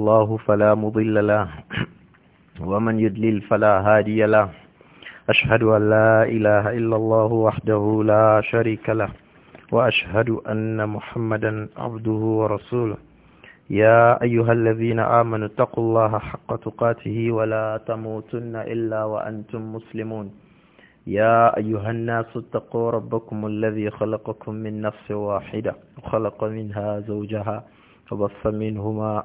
الله فلا مضل له ومن يدلل فلا هادي له أشهد أن لا إله إلا الله وحده لا شريك له وأشهد أن محمدا عبده ورسوله يا أيها الذين آمنوا اتقوا الله حق تقاته ولا تموتن إلا وأنتم مسلمون يا أيها الناس اتقوا ربكم الذي خلقكم من نفس واحدة وخلق منها زوجها وبث منهما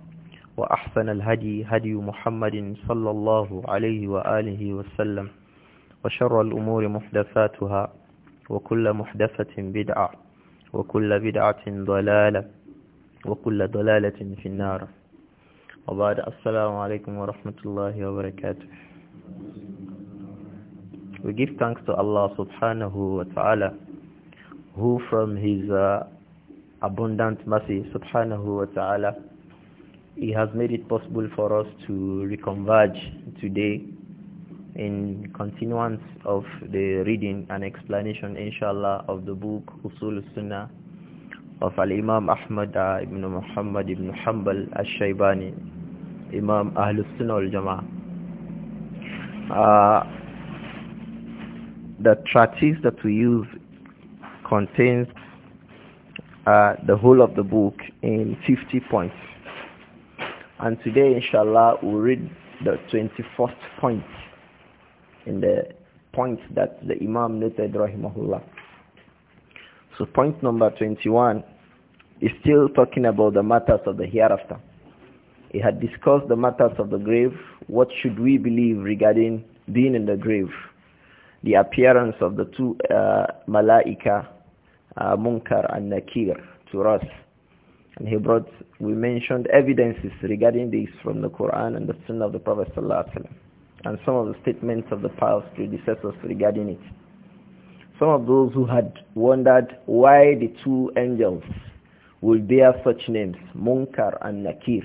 وأحسن الهدي هدي محمد صلى الله عليه وآله وسلم وشر الأمور محدثاتها وكل محدثة بدعة وكل بدعة ضلالة وكل ضلالة في النار وبعد السلام عليكم ورحمة الله وبركاته We give thanks to Allah subhanahu wa ta'ala who from his uh, abundant mercy subhanahu wa ta'ala He has made it possible for us to reconverge today in continuance of the reading and explanation, inshallah, of the book Usul Sunnah of Al-Imam Ahmad uh, ibn Muhammad ibn Hanbal al-Shaybani, Imam Ahlus Sunnah al-Jama'ah. Uh, the treatise that we use contains uh, the whole of the book in 50 points. And today, inshallah, we'll read the 21st point in the point that the Imam noted, rahimahullah. So point number 21 is still talking about the matters of the hereafter. He had discussed the matters of the grave. What should we believe regarding being in the grave? The appearance of the two uh, malaika, uh, Munkar and Nakir to us he brought, we mentioned evidences regarding this from the Quran and the Sunnah of the Prophet ﷺ, and some of the statements of the pious predecessors regarding it. Some of those who had wondered why the two angels would bear such names, Munkar and Nakir,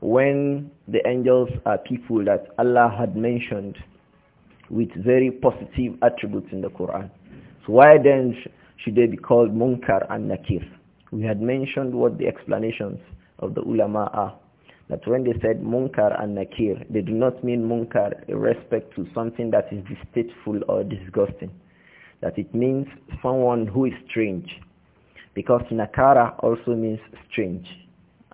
when the angels are people that Allah had mentioned with very positive attributes in the Quran. So why then should they be called Munkar and Nakir? We had mentioned what the explanations of the ulama are. That when they said munkar and nakir, they do not mean munkar in respect to something that is distasteful or disgusting. That it means someone who is strange. Because nakara also means strange.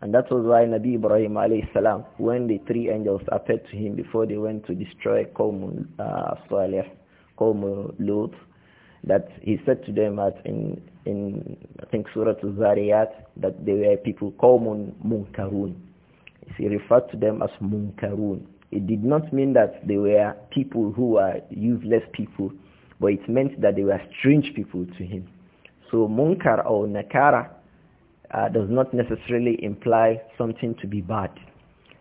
And that was why Nabi Ibrahim alayhi salam, when the three angels appeared to him before they went to destroy Qawm uh, Salih, Qawm Lut, that he said to them as in in I think Surah Zariyat that they were people qawmun munkarun. He referred to them as munkarun. It did not mean that they were people who were useless people, but it meant that they were strange people to him. So munkar or nakara uh, does not necessarily imply something to be bad.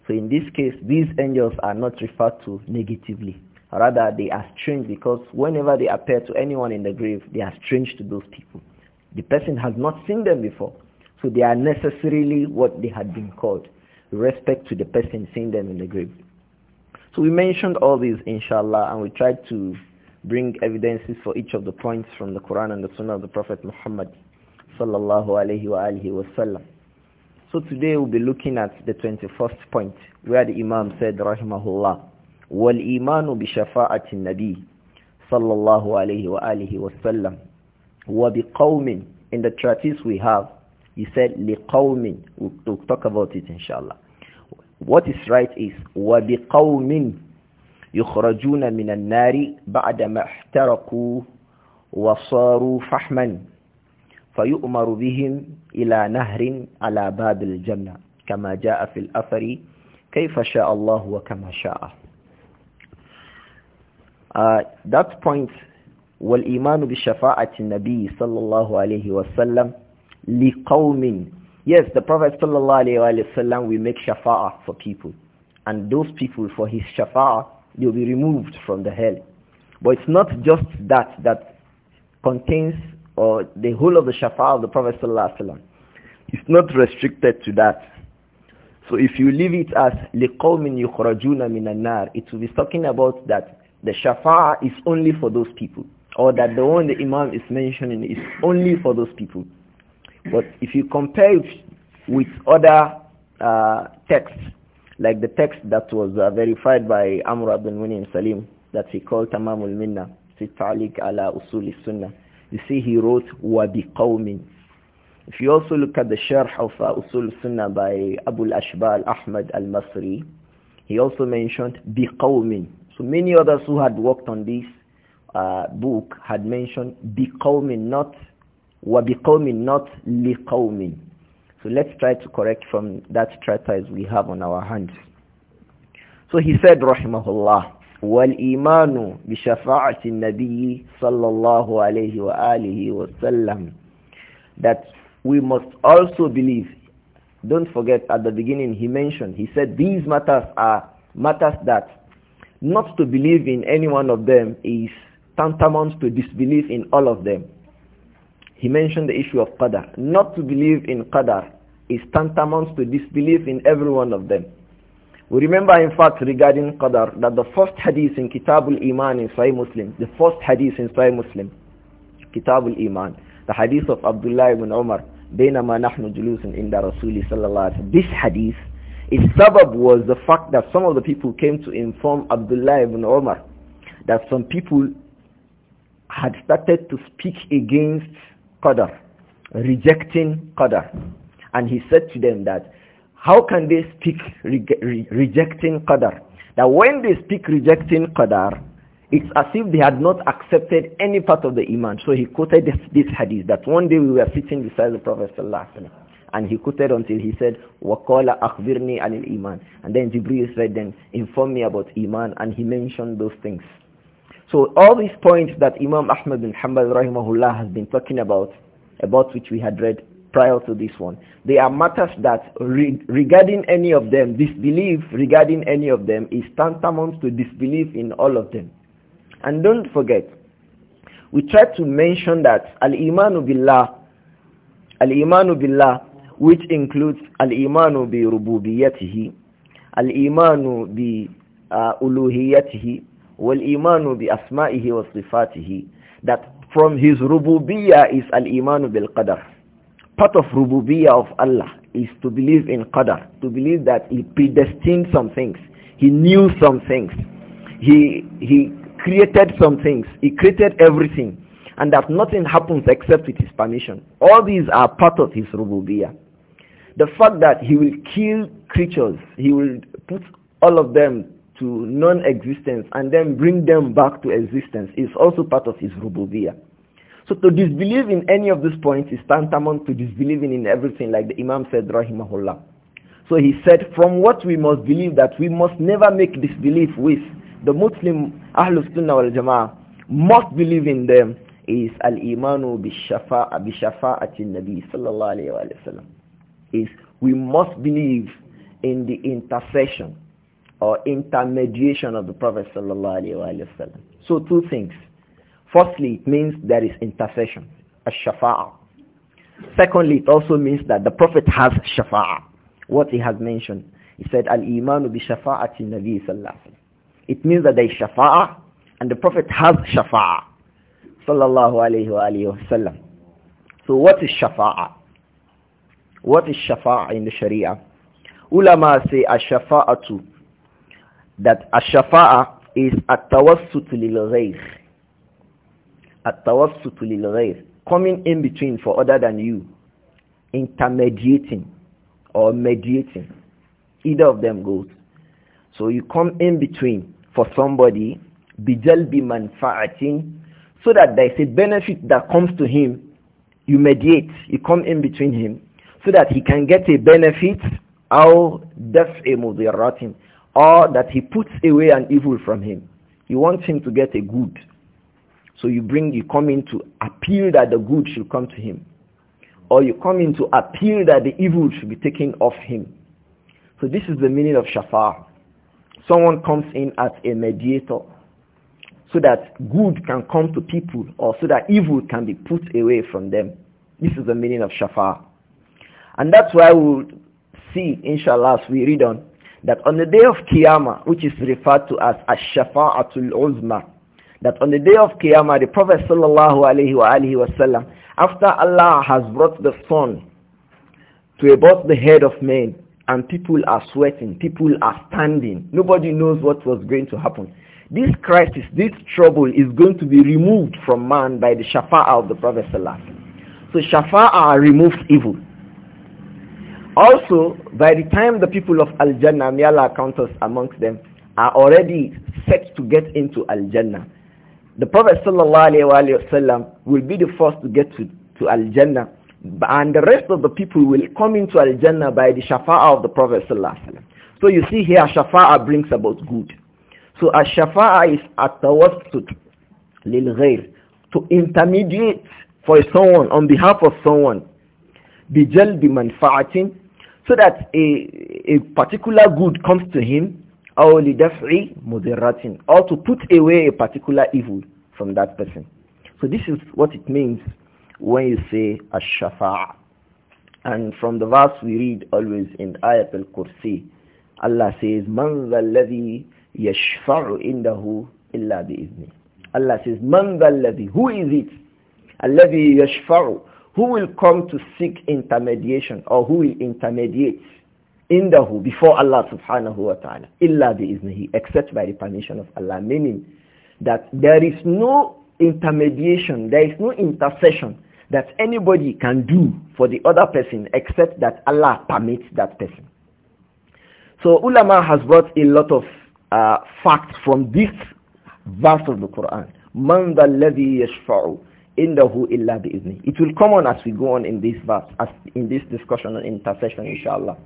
So in this case, these angels are not referred to negatively. Rather, they are strange because whenever they appear to anyone in the grave, they are strange to those people. The person has not seen them before. So they are necessarily what they had been called, respect to the person seeing them in the grave. So we mentioned all these, inshallah, and we tried to bring evidences for each of the points from the Quran and the Sunnah of the Prophet Muhammad sallallahu alaihi wa alihi wasallam. So today we'll be looking at the 21st point where the Imam said rahimahullah والإيمان بشفاعة النبي صلى الله عليه وآله وسلم وبقوم in the treatise we have he said لقوم we'll talk about it inshallah what is right is وبقوم يخرجون من النار بعدما احترقوا وصاروا فحما فيؤمر بهم إلى نهر على باب الجنة كما جاء في الأثر كيف شاء الله وكما شاء Uh, that point, وَالْإِيمَانُ بِشَفَاعَةِ النَّبِيِّ صَلَّى اللَّهُ عَلَيْهِ وَسَلَّمْ لِقَوْمٍ Yes, the Prophet sallallahu alayhi wasallam will make shafaat for people. And those people, for his shafaat they'll be removed from the hell. But it's not just that that contains or the whole of the shafaat of the Prophet sallallahu alayhi wasallam. It's not restricted to that. So if you leave it as لِقَوْمٍ يُخْرَجُونَ مِنَ النَّارِ It will be talking about that the shafa'a is only for those people. Or that the one the Imam is mentioning is only for those people. But if you compare it with other uh, texts, like the text that was uh, verified by Amr ibn Wini and Salim, that he called Tamamul Minna, fi ala Usuli sunnah. You see he wrote, wa biqawmin. If you also look at the sharh of uh, usul sunnah by Abu al-Ashba al-Ahmad al-Masri, he also mentioned biqawmin. So many others who had worked on this uh, book had mentioned becoming not wa becoming not liqawmin. So let's try to correct from that treatise we have on our hands. So he said, rahimahullah, bi بشفاعة النبي صلى الله عليه wa sallam that we must also believe don't forget at the beginning he mentioned he said these matters are matters that not to believe in any one of them is tantamount to disbelief in all of them. He mentioned the issue of qadar. Not to believe in qadar is tantamount to disbelief in every one of them. We remember in fact regarding qadar that the first hadith in Kitabul iman in Sahih Muslim, the first hadith in Sahih Muslim, Kitabul iman the hadith of Abdullah ibn Umar, بينما نحن جلوس عند رسول صلى الله عليه وسلم. This hadith a sabab was the fact that some of the people came to inform Abdullah ibn Omar that some people had started to speak against Qadar, rejecting Qadar. And he said to them that, how can they speak re re rejecting Qadar? That when they speak rejecting Qadar, it's as if they had not accepted any part of the Iman. So he quoted this, this hadith that one day we were sitting beside the Prophet Sallallahu Alaihi Wasallam and he quoted until he said, Waqala akhbirni anil iman. And then Jibril said, then inform me about iman. And he mentioned those things. So all these points that Imam Ahmad bin Hanbal rahimahullah has been talking about, about which we had read prior to this one, they are matters that re regarding any of them, disbelief regarding any of them is tantamount to disbelief in all of them. And don't forget, we tried to mention that al-imanu billah, al-imanu billah which includes al-imanu bi rububiyyatihi al-imanu bi uh, uluhiyyatihi wal-imanu bi asma'ihi wa sifatihi that from his rububiyya is al-imanu bil qadar part of rububiyya of Allah is to believe in qadar to believe that he predestined some things he knew some things he he created some things he created everything and that nothing happens except with his permission all these are part of his rububiyya the fact that he will kill creatures, he will put all of them to non-existence and then bring them back to existence is also part of his rububiyyah. So to disbelieve in any of these points is tantamount to disbelieving in everything like the Imam said, rahimahullah. So he said, from what we must believe that we must never make disbelief with the Muslim Ahlul Sunnah wal Jama'ah must believe in them is al-imanu bi-shafa'ati nabi sallallahu alayhi wa sallam is we must believe in the intercession or intermediation of the Prophet sallallahu So two things. Firstly, it means there is intercession, a shafa'ah. Secondly, it also means that the Prophet has shafa'a. what he has mentioned. He said, Al-Imanu bi shafa'ati Nabi sallallahu It means that there is shafa'a and the Prophet has shafa'a, sallallahu alayhi wa So what is shafa'a? What is shafa'a in the Sharia? Ulama say shafa'atu that ashafa'a is at-tawassut lil-ghayr. At-tawassut lil-ghayr, coming in between for other than you, intermediating or mediating. Either of them goes. So you come in between for somebody bijalbi manfa'atin so that there is a benefit that comes to him. You mediate, you come in between him so that he can get a benefit أو دفع مضرات or that he puts away an evil from him. he wants him to get a good. So you bring, you come in to appeal that the good should come to him. Or you come in to appeal that the evil should be taken off him. So this is the meaning of shafa. Someone comes in as a mediator so that good can come to people or so that evil can be put away from them. This is the meaning of shafa. And that's why we see, inshallah, as we read on, that on the day of Qiyamah, which is referred to as Ash-Shafa'atul Uzma, that on the day of Qiyamah, the Prophet sallallahu alaihi wasallam, after Allah has brought the sun to about the head of men, and people are sweating, people are standing, nobody knows what was going to happen. This crisis, this trouble is going to be removed from man by the Shafa'ah of the Prophet sallallahu So Shafa'ah removes evil. Also, by the time the people of Al-Jannah, may Allah count us amongst them, are already set to get into Al-Jannah. The Prophet ﷺ will be the first to get to, to Al-Jannah. And the rest of the people will come into Al-Jannah by the Shafa'ah of the Prophet ﷺ. So you see here, Shafa'ah brings about good. So a Shafa'ah is a tawassut lil ghayr, to intermediate for someone, on behalf of someone, bijalbi manfa'atin so that a, a particular good comes to him أو لدفع moderating, or to put away a particular evil from that person. So this is what it means when you say ash-shafa'a. And from the verse we read always in Ayat al-Kursi, Allah says, Man yashfa'u Indahu Illa Bi بِإِذْنِهِ Allah says, Man الَّذِي Who is it? الَّذِي yashfa'u." who will come to seek intermediation or who will intermediate who before Allah subhanahu wa ta'ala illa bi'iznihi except by the permission of Allah meaning that there is no intermediation there is no intercession that anybody can do for the other person except that Allah permits that person so ulama has brought a lot of uh, facts from this verse of the Quran man dhalladhi yashfa'u indahu illa bi'izni. It will come on as we go on in this verse, as in this discussion on intercession, inshallah.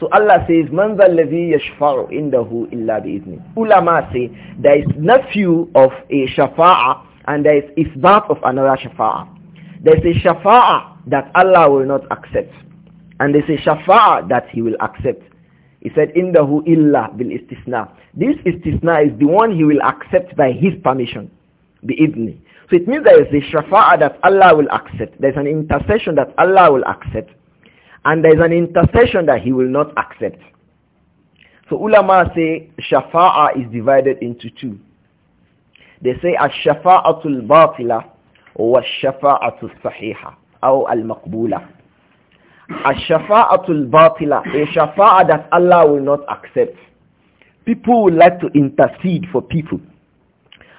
So Allah says, Man الَّذِي يَشْفَعُ illa bi بِإِذْنِ Ulama say, there is nephew of a shafa'a and there is isbat of another shafa'a. There is a shafa'a that Allah will not accept. And there is a shafa'a that He will accept. He said, illa bil istisna. This istisna is the one He will accept by His permission. بِإِذْنِ so it means there is the shafa'ah that Allah will accept. There's an intercession that Allah will accept. And there's an intercession that he will not accept. So ulama say shafa'ah is divided into two. They say ash-shafa'atul batila wa ash-shafa'atul sahiha aw al-maqbula. Ash-shafa'atul batila, a shafa'ah that Allah will not accept. People would like to intercede for people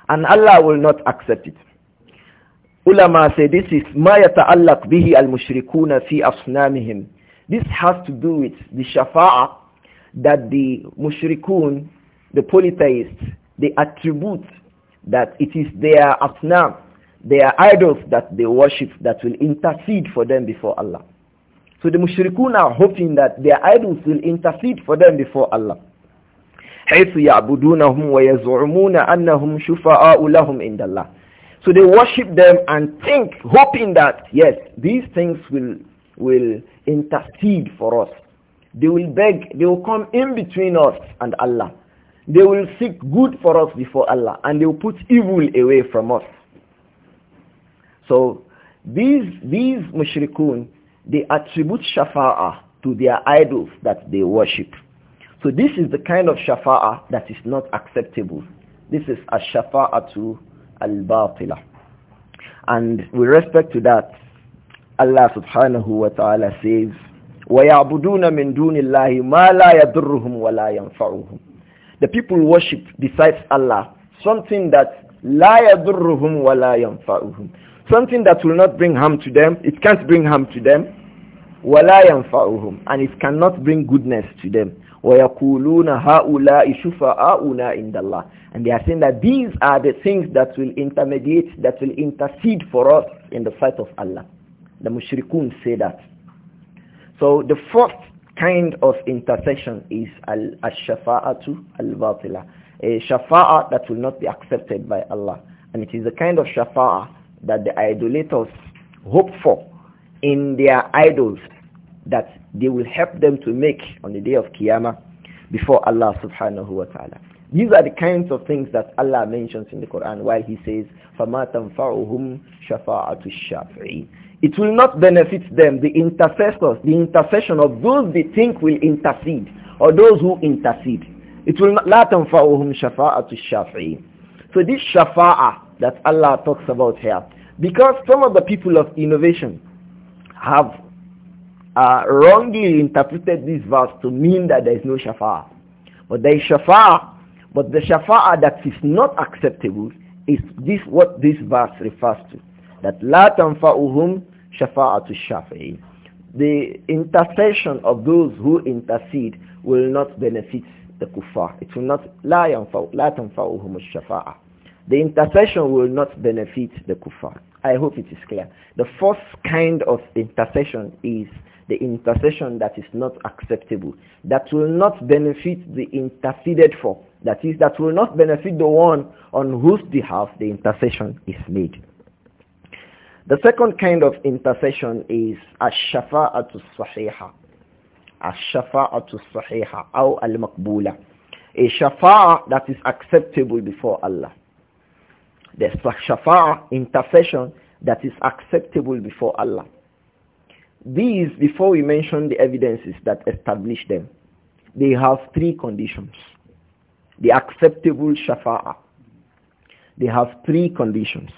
and Allah will not accept it. Ulama say this is ma yata'allaq bihi al-mushrikuna fi asnamihim. This has to do with the shafa'a that the mushrikun, the polytheists, they attribute that it is their asnam, their idols that they worship that will intercede for them before Allah. So the mushrikun are hoping that their idols will intercede for them before Allah. حيث يعبدونهم ويزعمون أنهم شفعاء لهم عند الله so they worship them and think, hoping that, yes, these things will, will intercede for us. They will beg, they will come in between us and Allah. They will seek good for us before Allah and they will put evil away from us. So these, these mushrikun, they attribute shafa'ah to their idols that they worship. So this is the kind of shafa'ah that is not acceptable. This is a to al-batila. And with respect to that, Allah subhanahu wa ta'ala says, وَيَعْبُدُونَ مِن دُونِ اللَّهِ مَا لَا يَضُرُّهُمْ وَلَا يَنْفَعُهُمْ The people worship besides Allah something that لَا يَضُرُّهُمْ وَلَا يَنْفَعُهُمْ Something that will not bring harm to them, it can't bring harm to them, وَلَا يَنْفَعُهُمْ And it cannot bring goodness to them. وَيَقُولُونَ هَؤُلَاءِ شُفَعَاؤُنَا عِندَ اللَّهِ And they are saying that these are the things that will intermediate, that will intercede for us in the sight of Allah. The mushrikun say that. So the first kind of intercession is al-shafa'atu al-batila. A shafa'a that will not be accepted by Allah. And it is the kind of shafa'a that the idolaters hope for in their idols that they will help them to make on the day of Qiyamah before Allah subhanahu wa ta'ala. These are the kinds of things that Allah mentions in the Quran while he says, فَمَا تَنْفَعُهُمْ شَفَاعَةُ الشَّافِعِينَ It will not benefit them, the intercessors, the intercession of those they think will intercede or those who intercede. It will not, لَا تَنْفَعُهُمْ شَفَاعَةُ So this shafa'ah that Allah talks about here, because some of the people of innovation have uh, wrongly interpreted this verse to mean that there is no shafa'a. But there is shafa'a, but the shafa'a that is not acceptable is this what this verse refers to. That la tanfa'uhum shafa'atu shafi'in. The intercession of those who intercede will not benefit the kuffar. It will not, la, on la tanfa'uhum shafa'a. The intercession will not benefit the kuffar. I hope it is clear. The first kind of intercession is the intercession that is not acceptable, that will not benefit the interceded for, that is, that will not benefit the one on whose behalf the intercession is made. The second kind of intercession is ash-shafa'atu sahiha. Ash-shafa'atu sahiha or al-maqbula. A shafa'a that is acceptable before Allah. The shafa'a intercession that is acceptable before Allah. These, before we mention the evidences that establish them, they have three conditions. The acceptable shafa'a. They have three conditions.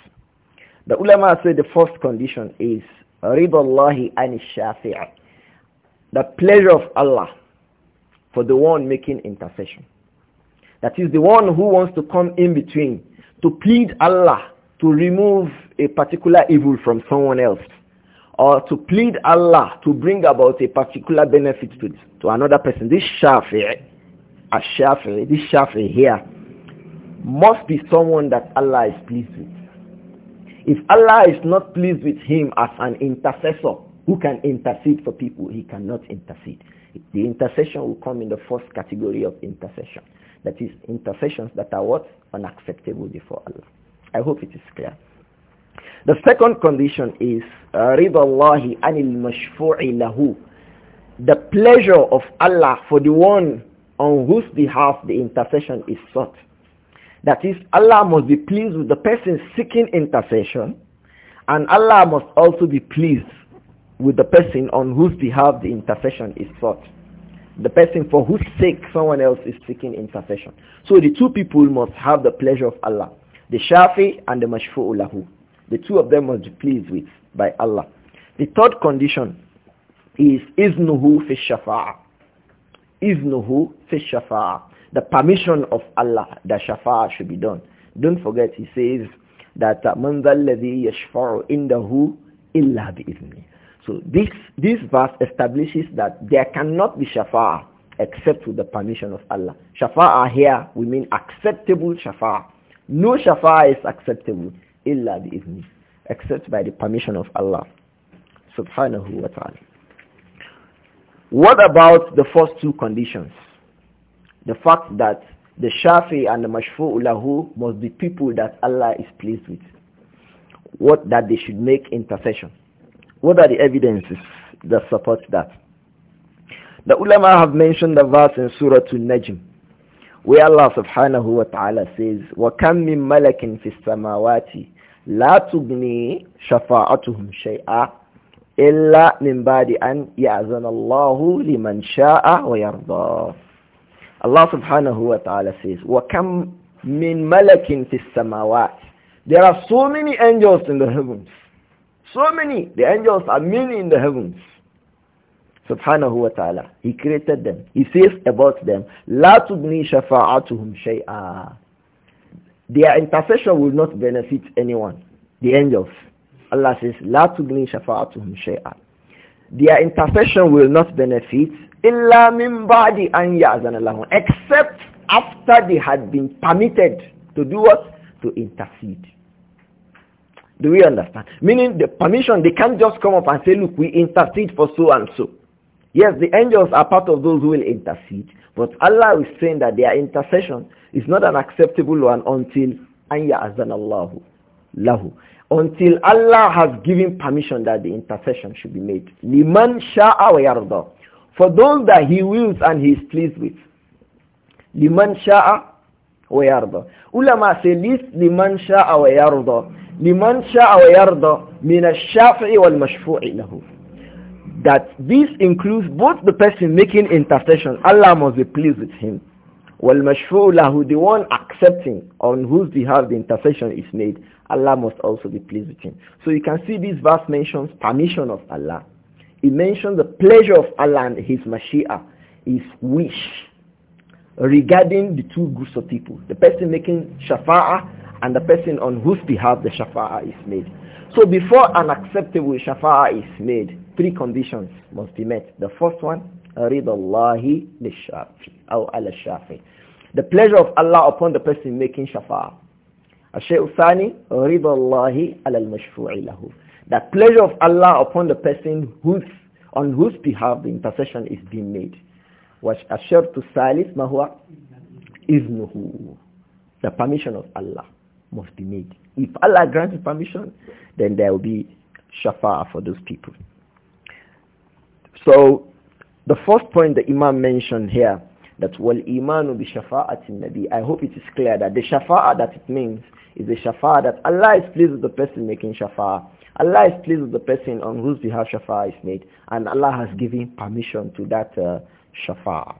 The ulama say the first condition is ridallahi an shafi'a. The pleasure of Allah for the one making intercession. That is the one who wants to come in between to plead Allah to remove a particular evil from someone else or to plead Allah to bring about a particular benefit to, to another person. This Shafi, a Shafi'i, this Shafi here must be someone that Allah is pleased with. If Allah is not pleased with him as an intercessor who can intercede for people, he cannot intercede. The intercession will come in the first category of intercession. That is intercessions that are what? Unacceptable before Allah. I hope it is clear. The second condition is رِضَى اللَّهِ عَنِ الْمَشْفُوعِ لَهُ The pleasure of Allah for the one on whose behalf the intercession is sought. That is, Allah must be pleased with the person seeking intercession and Allah must also be pleased with the person on whose behalf the intercession is sought. The person for whose sake someone else is seeking intercession. So the two people must have the pleasure of Allah. The Shafi and the Mashfu'u lahu. The two of them must be pleased with by Allah. The third condition is iznuhu fi shafa'a. Iznuhu fi shafa'a. The permission of Allah that shafa'a should be done. Don't forget he says that uh, man alladhi yashfa'u indahu illa bi'izni. So this, this verse establishes that there cannot be shafa'a except with the permission of Allah. Shafa'a here, we mean acceptable shafa'a. No shafa'a is acceptable illa bi'izni, except by the permission of Allah subhanahu wa ta'ala. What about the first two conditions? The fact that the shafi and the mashfu'u lahu must be people that Allah is pleased with. What that they should make intercession. What are the evidences that support that? The ulama have mentioned the verse in Surah An-Najm where Allah subhanahu wa ta'ala says, وَكَمْ مِن malakin fis السَّمَاوَاتِ لا تغني شفاعتهم شيئا إلا من بعد أن يأذن الله لمن شاء ويرضى الله سبحانه وتعالى says وَكَمْ مِنْ مَلَكٍ فِي السَّمَاوَاتِ There are so many angels in the heavens. So many. The angels are many in the heavens. Subhanahu wa ta'ala. He created them. He says about them, لَا تُبْنِي شَفَاعَتُهُمْ شَيْئًا Their intercession will not benefit anyone. The angels. Allah says, La tugni shafa'atuhum shay'an. Their intercession will not benefit illa min ba'di an ya'zana lahum. Except after they had been permitted to do what? To intercede. Do we understand? Meaning the permission, they can't just come up and say, look, we intercede for so and so. Yes, the angels are part of those who will intercede, but Allah is saying that their intercession it's not an acceptable one until an ya'azanallahu lahu. Until Allah has given permission that the intercession should be made. Liman sha'a wa yarda. For those that he wills and he is pleased with. Liman sha'a wa yarda. Ulama say this liman sha'a wa yarda. Liman sha'a wa yarda min ash-shafi'i wal mashfu'i lahu that this includes both the person making intercession, Allah must be pleased with him, وَالْمَشْفُعُ لَهُ The one accepting on whose behalf the intercession is made, Allah must also be pleased with him. So you can see this verse mentions permission of Allah. It mentions the pleasure of Allah and his mashia, his wish regarding the two groups of people, the person making shafa'ah and the person on whose behalf the shafa'ah is made. So before an acceptable shafa'ah is made, three conditions must be met. The first one, رِضَ اللَّهِ لِلشَّافِي أو على the pleasure of Allah upon the person making shafa الشيء الثاني رضا الله على المشفوع له the pleasure of Allah upon the person whose on whose behalf the intercession is being made والشرط الثالث ما هو إذنه the permission of Allah must be made if Allah grants permission then there will be shafa for those people so the first point the Imam mentioned here that wal iman bi shafa'atin nabi i hope it is clear that the shafa'a that it means is the shafa'a that allah is pleased with the person making shafa'a allah is pleased with the person on whose behalf shafa'a is made and allah has given permission to that uh, shafa'a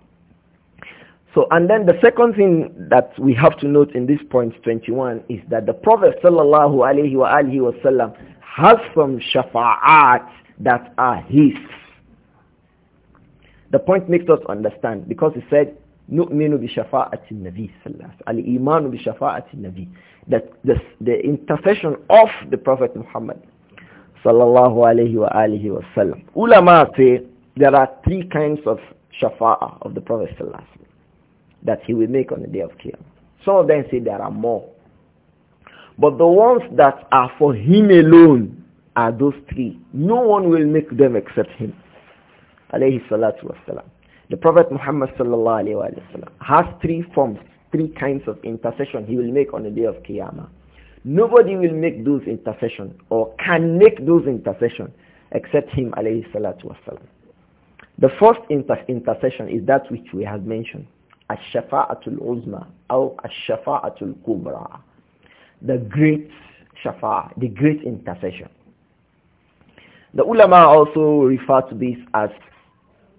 so and then the second thing that we have to note in this point 21 is that the prophet sallallahu alaihi wasallam has some shafa'at that are his the point makes us understand because he said, نؤمن بشفاعة النبي صلى الله imanu bi الإيمان بشفاعة that the intercession of the Prophet Muhammad sallallahu alaihi wasallam. وآله وسلم ulama say there are three kinds of shafa'a of the Prophet sallallahu that he will make on the day of Qiyamah some of them say there are more but the ones that are for him alone are those three no one will make them except him alayhi salatu wasalam. The Prophet Muhammad sallallahu alayhi wa has three forms, three kinds of intercession he will make on the day of Qiyamah. Nobody will make those intercession or can make those intercession except him alayhi salatu wasalam. The first inter intercession is that which we have mentioned. Ash-shafa'atul uzma or ash-shafa'atul kubra. The great shafa, the great intercession. The ulama also refer to this as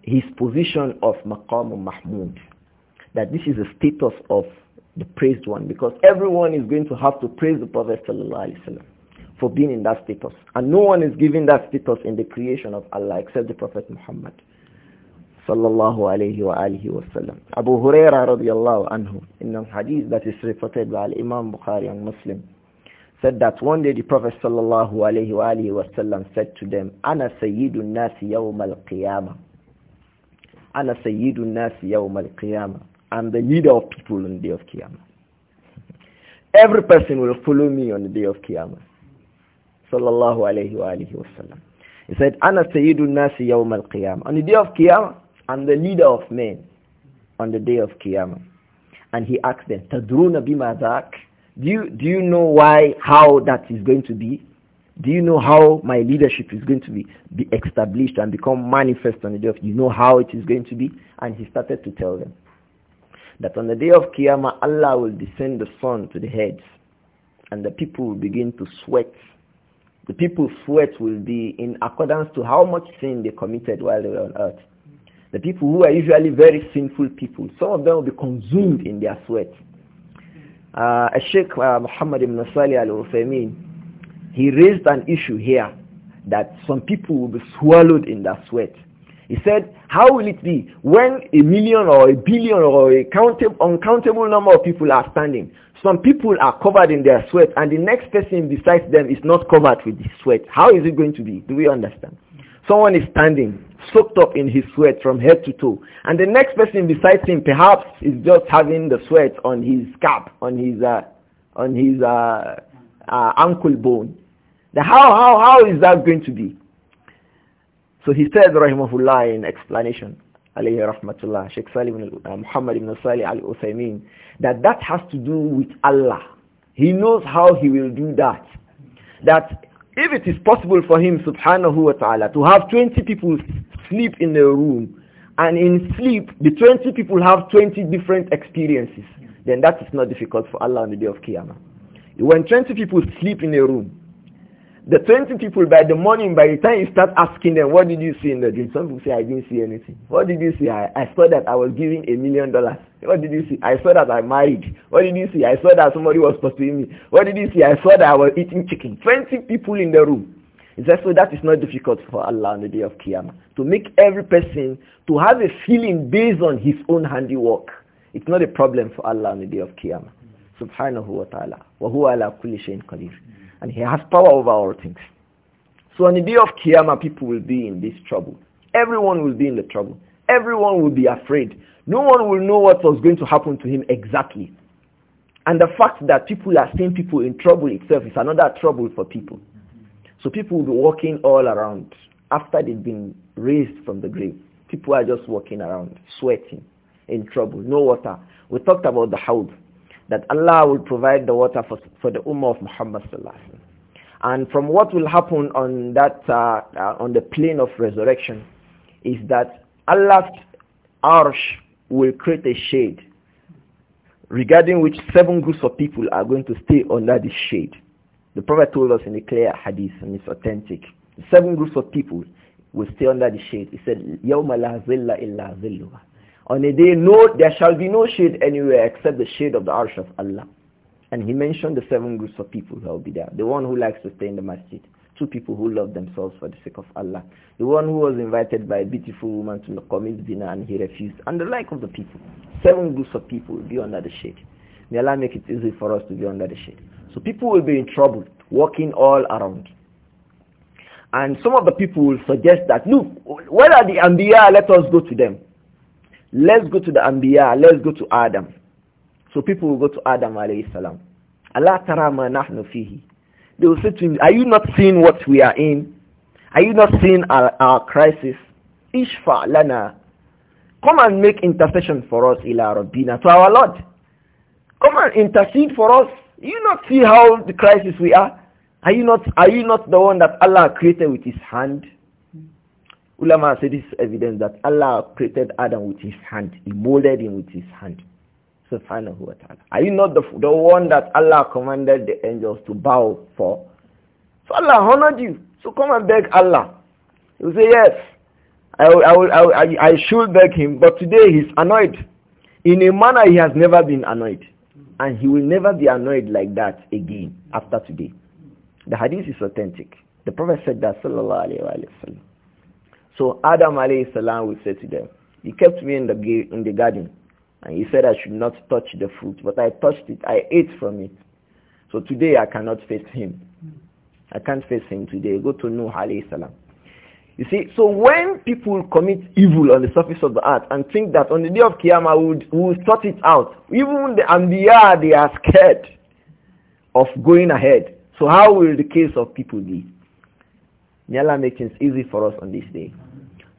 his position of Maqam Mahmud. That this is the status of the praised one because everyone is going to have to praise the Prophet for being in that status. And no one is given that status in the creation of Allah except the Prophet Muhammad. Sallallahu alayhi wa alihi wa sallam. Abu Huraira radiallahu anhu, in a hadith that is reported by Imam Bukhari and Muslim, said that one day the Prophet sallallahu alayhi wa alihi wa sallam said to them, Ana sayyidun nasi yawm al-qiyamah ana sayyidun nasi yawmal qiyamah I'm the leader of people on the day of Qiyamah. Every person will follow me on the day of Qiyamah. Sallallahu alayhi wa alayhi wa He said, Ana sayyidun nasi yawm al-qiyamah. On the day of Qiyamah, I'm the leader of men on the day of Qiyamah. And he asked them, Tadruna bima dhak? Do you, do you know why, how that is going to be? Do you know how my leadership is going to be, be established and become manifest on the day of? You know how it is going to be? And he started to tell them that on the day of Qiyamah, Allah will descend the sun to the heads and the people will begin to sweat. The people's sweat will be in accordance to how much sin they committed while they were on earth. The people who are usually very sinful people, some of them will be consumed in their sweat. Uh, Sheikh uh, Muhammad ibn Salih al-Uthaymeen, he raised an issue here that some people will be swallowed in that sweat. He said, how will it be when a million or a billion or a countable, uncountable number of people are standing? Some people are covered in their sweat and the next person besides them is not covered with the sweat. How is it going to be? Do we understand? Someone is standing, soaked up in his sweat from head to toe. And the next person besides him perhaps is just having the sweat on his cap, on his, uh, on his uh, uh, ankle bone. The how, how, how is that going to be? So he said, Rahimahullah, in explanation, alayhi rahmatullah, Sheikh Salim, uh, Muhammad ibn Salih al-Uthaymeen, that that has to do with Allah. He knows how he will do that. That if it is possible for him, subhanahu wa ta'ala, to have 20 people sleep in a room, and in sleep, the 20 people have 20 different experiences, then that is not difficult for Allah on the day of Qiyamah. When 20 people sleep in a room, the 20 people by the morning, by the time you start asking them, what did you see in the dream? Some people say, I didn't see anything. What did you see? I, I saw that I was given a million dollars. What did you see? I saw that I married. What did you see? I saw that somebody was pursuing me. What did you see? I saw that I was eating chicken. 20 people in the room. He says, so that is not difficult for Allah on the day of Qiyamah. To make every person to have a feeling based on his own handiwork. It's not a problem for Allah on the day of Qiyamah. Subhanahu wa ta'ala. Wa huwa ala kulli shayin qadir and he has power over all things. So on the day of Qiyamah, people will be in this trouble. Everyone will be in the trouble. Everyone will be afraid. No one will know what was going to happen to him exactly. And the fact that people are seeing people in trouble itself is another trouble for people. So people will be walking all around after they've been raised from the grave. People are just walking around, sweating, in trouble, no water. We talked about the house that Allah will provide the water for, for the Ummah of Muhammad sallallahu And from what will happen on that, uh, uh, on the plane of resurrection is that Allah's arsh will create a shade regarding which seven groups of people are going to stay under this shade. The Prophet told us in the clear hadith and it's authentic. Seven groups of people will stay under the shade. He said, يَوْمَ لَا illa ظِلُّهَا on a day, no, there shall be no shade anywhere except the shade of the arsh of Allah. And he mentioned the seven groups of people who will be there. The one who likes to stay in the masjid. Two people who love themselves for the sake of Allah. The one who was invited by a beautiful woman to commit dinner and he refused. And the like of the people. Seven groups of people will be under the shade. May Allah make it easy for us to be under the shade. So people will be in trouble, walking all around. And some of the people will suggest that, look, where are the Anbiya? Let us go to them. Let's go to the Anbiya. Let's go to Adam. So people will go to Adam alayhi salam. Allah tara ma nahnu fihi. They will say to him, are you not seeing what we are in? Are you not seeing our, our crisis? Ishfa lana. Come and make intercession for us ila rabbina to our Lord. Come and intercede for us. You not see how the crisis we are? Are you not, are you not the one that Allah created with his hand? Ulama said, this is evidence that Allah created Adam with his hand. He molded him with his hand. Subhanahu wa ta'ala. Are you not the, the one that Allah commanded the angels to bow for? So Allah honored you. So come and beg Allah. You say, yes, I, I, I, I, I should beg him, but today he's annoyed. In a manner he has never been annoyed. And he will never be annoyed like that again after today. The hadith is authentic. The Prophet said that, sallallahu alayhi wa sallam. So Adam alayhi salam will say to them, he kept me in the, in the garden and he said I should not touch the fruit, but I touched it, I ate from it. So today I cannot face him. I can't face him today. Go to Nuh alayhi salam. You see, so when people commit evil on the surface of the earth and think that on the day of Qiyamah we would, we will sort it out, even the Anbiya, they are scared of going ahead. So how will the case of people be? May Allah make things easy for us on this day.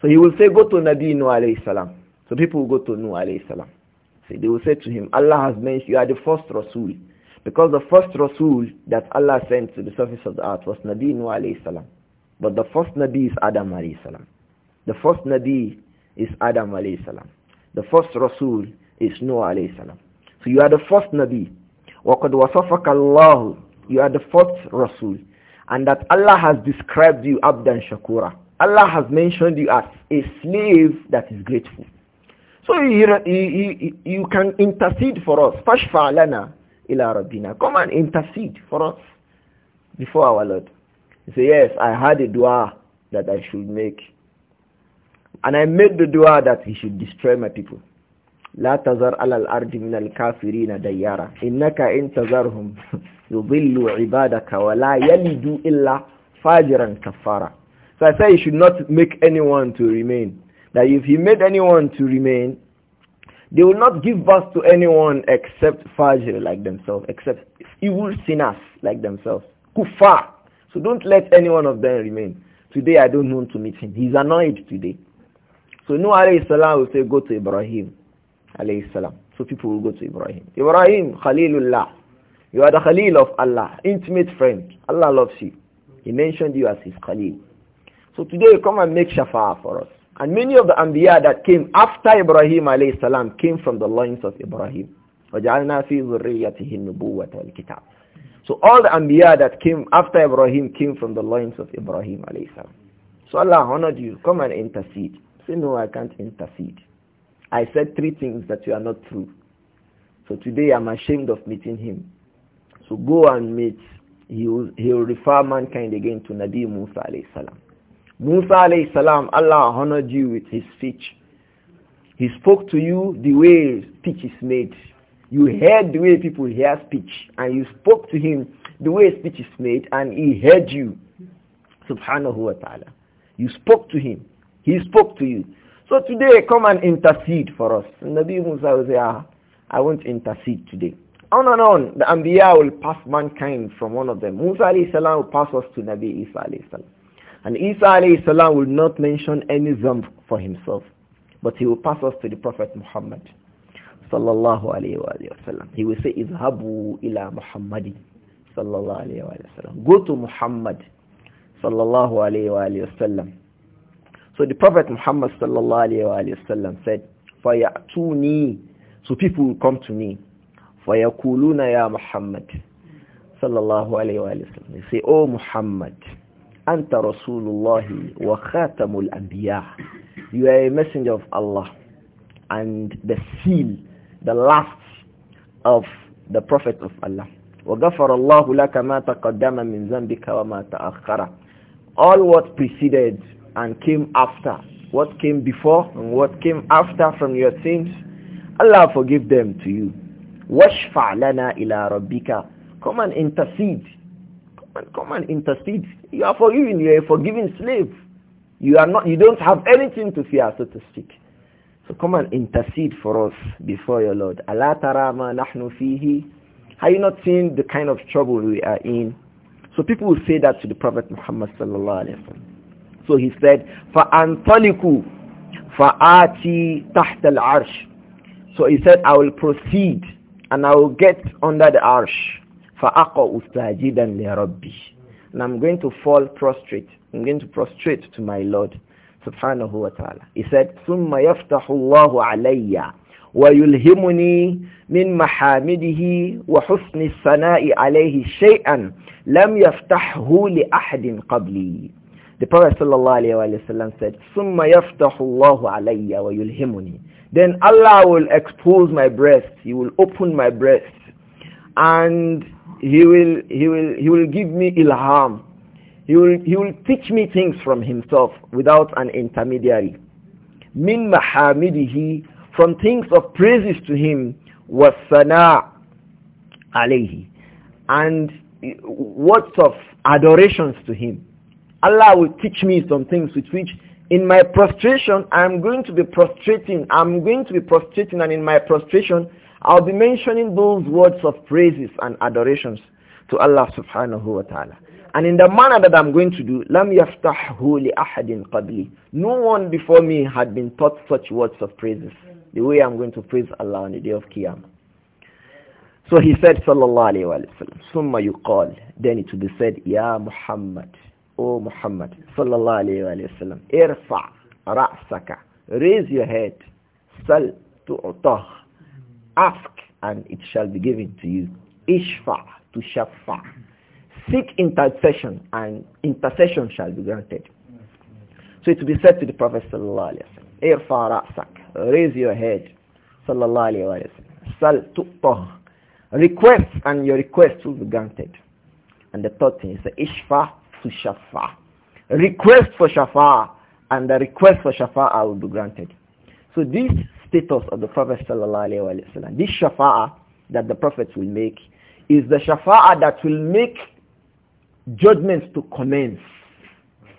So he will say, go to Nabi Nuh alayhi salam. So people will go to Nuh alayhi salam. Say they will say to him, Allah has mentioned, you are the first Rasul. Because the first Rasul that Allah sent to the surface of the earth was Nabi Nuh alayhi salam. But the first Nabi is Adam alayhi salam. The first Nabi is Adam alayhi salam. The first Rasul is Noah alayhi salam. So you are the first Nabi. وَقَدْ وَصَفَكَ اللَّهُ You are the first Rasul and that Allah has described you abdan shakura. Allah has mentioned you as a slave that is grateful. So you, you, you can intercede for us. Fashfa lana ila rabbina. Come and intercede for us before our Lord. You say, yes, I had a dua that I should make. And I made the dua that he should destroy my people. لا تذر على الأرض من الكافرين ديارا إنك إن تذرهم ibadaka wa la yalidu illa fajiran kafara. So I say you should not make anyone to remain. That if he made anyone to remain, they will not give birth to anyone except fajr like themselves, except evil sinners like themselves. Kufar. So don't let any one of them remain. Today I don't want to meet him. He's annoyed today. So no alayhi salam will say go to Ibrahim alayhi salam. So people will go to Ibrahim. Ibrahim Khalilullah. You are the Khalil of Allah, intimate friend. Allah loves you. He mentioned you as his Khalil. So today you come and make shafa for us. And many of the Anbiya that came after Ibrahim alayhi salam came from the loins of Ibrahim. So all the Anbiya that came after Ibrahim came from the loins of Ibrahim alayhi salam. So Allah honored you. Come and intercede. Say, no, I can't intercede. I said three things that you are not true. So today I'm ashamed of meeting him. So go and meet. He will, he will refer mankind again to Nabi Musa alayhi salam. Musa alayhi salam, Allah honored you with his speech. He spoke to you the way speech is made. You heard the way people hear speech and you spoke to him the way speech is made and he heard you. Subhanahu wa ta'ala. You spoke to him. He spoke to you. So today come and intercede for us. Nabi Musa will say, ah, I won't intercede today. On and on, the Anbiya will pass mankind from one of them. Musa alayhi salam will pass us to Nabi Isa alayhi salam. And Isa alayhi salam will not mention any zamb for himself, but he will pass us to the Prophet Muhammad sallallahu alayhi wa sallam. He will say, Izhabu ila Muhammadi. sallallahu alayhi wa sallam. Go to Muhammad sallallahu alayhi wa sallam. So the Prophet Muhammad sallallahu alayhi wa sallam said, فَيَأْتُونِي So people will come to me. فَيَقُولُونَ يَا مُحَمَّدْ صلى الله عليه وآله وسلم they say oh Muhammad أنت رسول الله وخاتم الأنبياء you are a messenger of Allah and the seal the last of the prophet of Allah وغفر الله لك ما تقدم من ذنبك وما تأخر all what preceded and came after what came before and what came after from your sins Allah forgive them to you Washfa lana ila rabbika. Come and intercede. Come and, come and intercede. You are forgiven. You are a forgiven slave. You are not, you don't have anything to fear, so to speak. So come and intercede for us before your Lord. Allah tarama nahnu fihi. Have you not seen the kind of trouble we are in? So people will say that to the Prophet Muhammad sallallahu alaihi wasallam. So he said, "Fa ati فَآتِي al arsh." So he said, I will proceed and I will get under the arsh. فَأَقَعُ li Rabbi, And I'm going to fall prostrate. I'm going to prostrate to my Lord subhanahu wa ta'ala. He said, ثُمَّ يَفْتَحُ اللَّهُ عَلَيَّ ويلهمني من محامده وحسن الثناء عليه شيئا لم يفتحه لأحد قبلي the Prophet wasallam said, ثُمَّ Allah اللَّهُ wa yulhimuni." Then Allah will expose my breast, He will open my breast, and He will, he will, he will give me ilham. He will, he will teach me things from Himself without an intermediary. مِن مَحَامِدِهِ From things of praises to Him, sana عَلَيْهِ And words of adorations to Him. Allah will teach me some things with which in my prostration, I'm going to be prostrating. I'm going to be prostrating and in my prostration, I'll be mentioning those words of praises and adorations to Allah subhanahu wa ta'ala. And in the manner that I'm going to do, لَمْ يَفْتَحْهُ لِأَحَدٍ قَبْلِ No one before me had been taught such words of praises, the way I'm going to praise Allah on the day of Qiyamah. So he said, sallallahu alayhi wa sallam, ثُمَّ يُقَالْ Then it will be said, Ya Muhammad, O Muhammad sallallahu alayhi wa sallam, irfa ra'saka, raise your head, sal tu'tah, ask and it shall be given to you. Ishfa to shafa, seek intercession and intercession shall be granted. So it will be said to the Prophet sallallahu alayhi wa sallam, irfa ra'sak, raise your head, sallallahu alayhi wa sallam, sal tu'tah, request and your request will be granted. And the third thing is the ishfa to shafa. Request for shafa and the request for shafa will be granted. So this status of the Prophet wasallam, this shafa that the Prophet will make is the shafa that will make judgments to commence.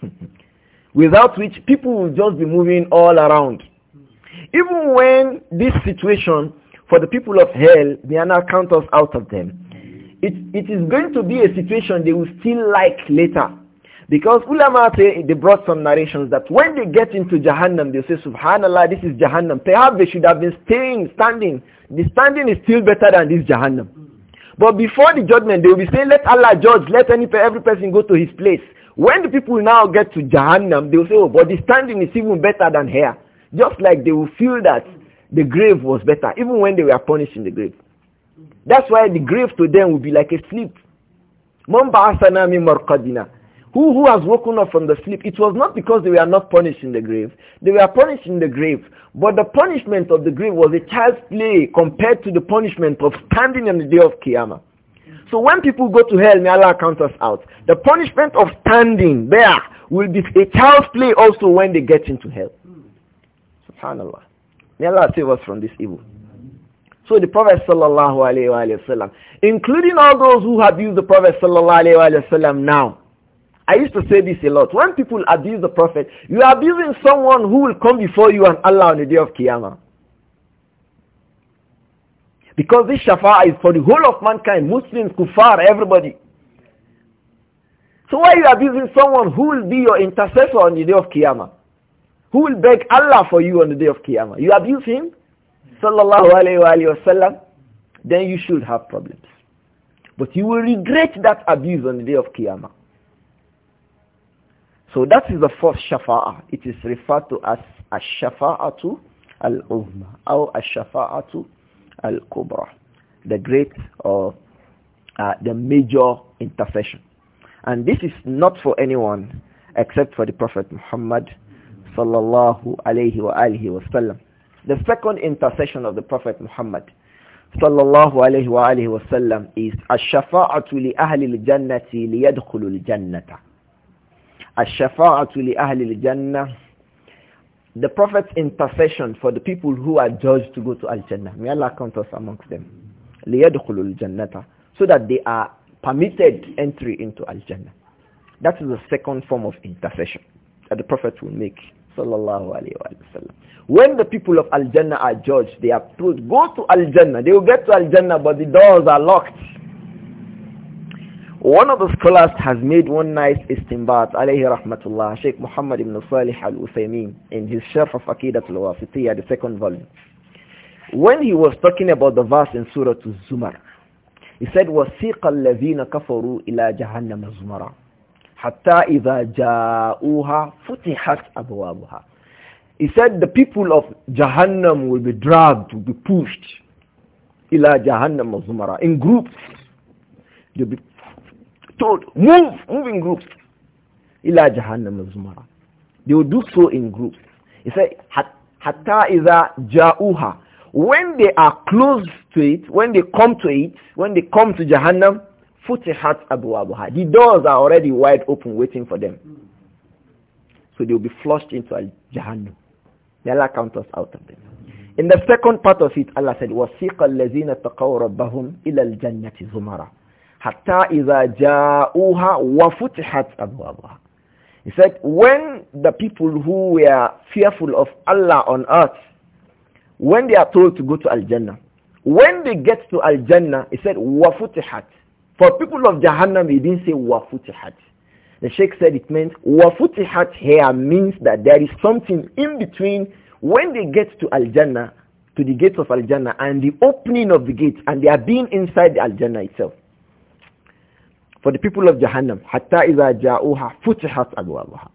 Without which people will just be moving all around. Even when this situation for the people of hell, they are count us out of them it, it is going to be a situation they will still like later. Because ulama, they, they brought some narrations that when they get into Jahannam, they say, Subhanallah, this is Jahannam. Perhaps they should have been staying, standing. The standing is still better than this Jahannam. But before the judgment, they will be saying, let Allah judge, let any, every person go to his place. When the people now get to Jahannam, they will say, oh, but the standing is even better than here. Just like they will feel that the grave was better, even when they were punished in the grave. That's why the grave to them will be like a sleep. Who, who has woken up from the sleep? It was not because they were not punished in the grave. They were punished in the grave. But the punishment of the grave was a child's play compared to the punishment of standing on the day of Qiyamah. So when people go to hell, may Allah count us out. The punishment of standing there will be a child's play also when they get into hell. Subhanallah. May Allah save us from this evil. So the Prophet sallallahu alayhi wa sallam, including all those who abuse the Prophet sallallahu alayhi wa sallam now. I used to say this a lot. When people abuse the Prophet, you are abusing someone who will come before you and Allah on the day of Qiyamah. Because this shafa is for the whole of mankind, Muslims, kuffar, everybody. So why are you abusing someone who will be your intercessor on the day of Qiyamah? Who will beg Allah for you on the day of Qiyamah? You abuse him? sallallahu alayhi sallam. then you should have problems. But you will regret that abuse on the day of Qiyamah. So that is the first shafa'ah. It is referred to as ash-shafa'atu al-uzma or ash-shafa'atu al-kubra. The great or uh, the major intercession. And this is not for anyone except for the Prophet Muhammad sallallahu alayhi wa alihi wa sallam. The second intercession of the Prophet Muhammad sallallahu alayhi wa alihi wa sallam is ash-shafa'atu li ahli al-jannati al-jannata. Ash-shafa'atu li ahli al-jannah the prophet's intercession for the people who are judged to go to al-jannah. May Allah count us amongst them. لِيَدْخُلُوا الْجَنَّةَ So that they are permitted entry into al-jannah. That is the second form of intercession that the prophet will make sallallahu alayhi wa When the people of Al-Jannah are judged, they are told, go to Al-Jannah. They will get to Al-Jannah, but the doors are locked. One of the scholars has made one nice istinbat, alayhi rahmatullah, Sheikh Muhammad ibn Salih al-Uthaymeen, in his Sharf of Aqidat al-Wasitiyah, the second volume. When he was talking about the verse in Surah Zumar, he said, وَسِيقَ الَّذِينَ كَفَرُوا إِلَى جَهَنَّمَ زُمَرًا hatta idha ja'uha futihat abwabuha he said the people of jahannam will be dragged will be pushed ila jahannam zumara in groups they'll be told move move in groups ila jahannam zumara they will do so in groups he said hatta idha ja'uha when they are close to it when they come to it when they come to jahannam Futihat Abu Abuha. The doors are already wide open waiting for them. So they will be flushed into Jahannam. May Allah count us out of them. In the second part of it, Allah said, وَسِيقَ الَّذِينَ اتَّقَوْا رَبَّهُمْ إِلَى الْجَنَّةِ زُمَرًا حَتَّى إِذَا جَاءُوهَا وَفُتِحَتْ أَبْوَابُهَا He said, when the people who were fearful of Allah on earth, when they are told to go to Al-Jannah, when they get to Al-Jannah, he said, وَفُتِحَتْ for people of Jahannam, he didn't say wafutihat. The Sheikh said it meant wafutihat here means that there is something in between when they get to Al-Jannah, to the gates of Al-Jannah and the opening of the gates and they are being inside the Al-Jannah itself. For the people of Jahannam, hatta iza ja'uha futihat abwabuha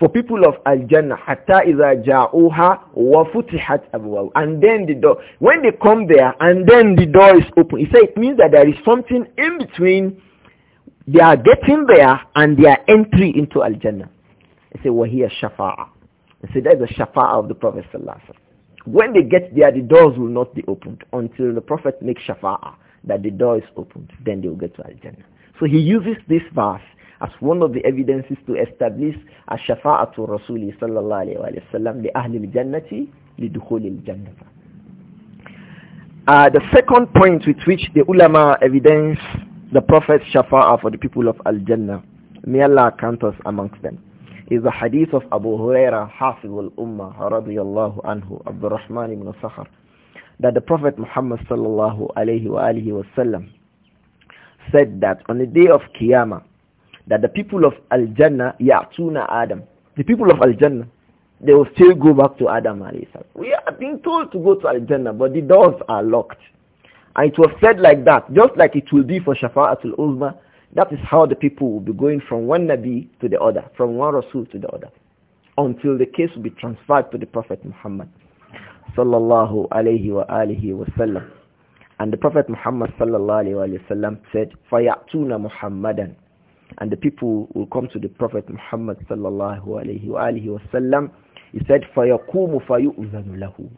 for people of Al-Jannah, hatta idha ja'uha wa futihat abwaab. And then the door, when they come there and then the door is open, he said it means that there is something in between they are getting there and their entry into Al-Jannah. He said, wahiya shafa'a. He said, that is the shafa'a of the Prophet sallallahu When they get there, the doors will not be opened until the Prophet makes shafa'a, that the door is opened. Then they will get to Al-Jannah. So he uses this verse as one of the evidences to establish ash-shafa'atu rasuli sallallahu alayhi wa sallam li ahli al-jannati lidukhuli al-jannah. Uh, the second point with which the ulama evidence the prophet shafa'ah for the people of Al-Jannah, may Allah count us amongst them, is the hadith of Abu Huraira, Hafiz al-Ummah, radiyallahu anhu, Abdurrahman ibn Sakhar, that the Prophet Muhammad sallallahu alayhi wa alihi wasallam said that on the day of Qiyamah, that the people of Al-Jannah, Ya'tuna Adam, the people of Al-Jannah, they will still go back to Adam We are being told to go to Al-Jannah, but the doors are locked. And it was said like that, just like it will be for Shafa'atul Uzma, that is how the people will be going from one Nabi to the other, from one Rasul to the other, until the case will be transferred to the Prophet Muhammad sallallahu alayhi wa alihi wa sallam. And the Prophet Muhammad sallallahu alayhi wa sallam said, فَيَعْتُونَ مُحَمَّدًا and the people will come to the Prophet Muhammad sallallahu alayhi wa alihi wasallam. He said, فَيَقُومُ فَيُؤْذَنُ لَهُ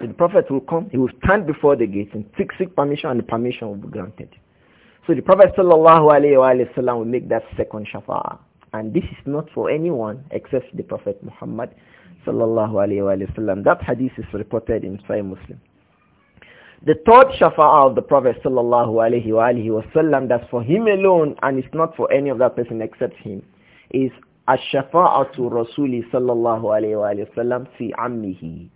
So the Prophet will come, he will stand before the gate and seek, seek permission and the permission will be granted. So the Prophet sallallahu alayhi wa sallam will make that second shafa. And this is not for anyone except the Prophet Muhammad sallallahu alayhi wa sallam. That hadith is reported in Sahih Muslim. The third shafa'ah of the Prophet sallallahu alaihi wasallam that's for him alone and it's not for any other person except him is ash-shafa'atu rasuli sallallahu alaihi wasallam fi ammihi.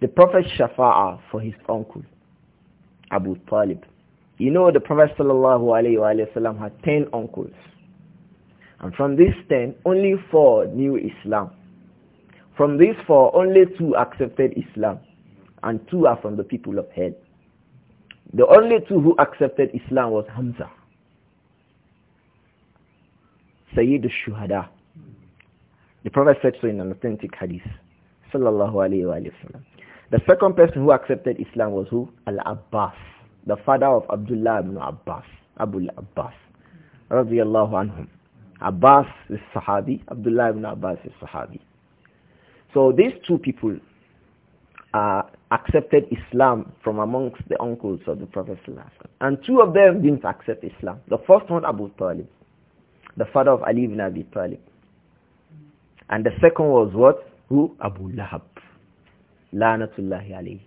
The prophet shafa'a for his uncle Abu Talib. You know the Prophet sallallahu alaihi wasallam had 10 uncles. And from these 10 only 4 knew Islam. From these 4 only 2 accepted Islam and 2 are from the people of hell. The only two who accepted Islam was Hamza, Sayyid al-Shuhada. The Prophet said so in an authentic hadith. Sallallahu alayhi wa, The second person who accepted Islam was who? Al-Abbas, the father of Abdullah ibn Abbas, Abu abbas Radiallahu anhum. Abbas is Sahabi, Abdullah ibn Abbas is Sahabi. So these two people, uh, accepted Islam from amongst the uncles of the Prophet And two of them didn't accept Islam. The first one, Abu Talib, the father of Ali ibn Abi Talib. And the second was what? Who? Abu Lahab. Lanatullahi alayhi.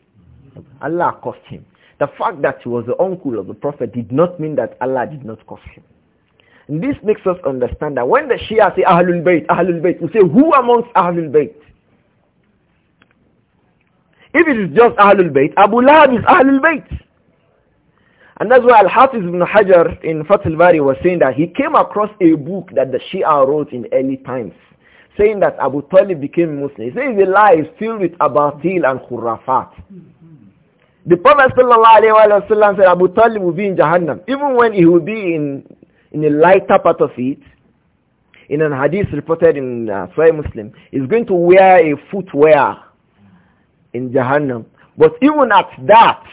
Allah cursed him. The fact that he was the uncle of the Prophet did not mean that Allah did not curse him. And this makes us understand that when the Shia say Ahlul Bayt, Ahlul Bayt, we say who amongst Ahlul Bayt? If it is just Ahlul Bayt, Abu Lahab is Ahlul Bayt. And that's why Al-Hafiz ibn Hajar in Fath al-Bari was saying that he came across a book that the Shia wrote in early times saying that Abu Talib became Muslim. He says the lie is filled with abatil and khurafat. The Prophet wasallam said Abu Talib will be in Jahannam. Even when he will be in, in a lighter part of it, in an hadith reported in uh, Sahih Muslim, he's going to wear a footwear in Jahannam. But even at that,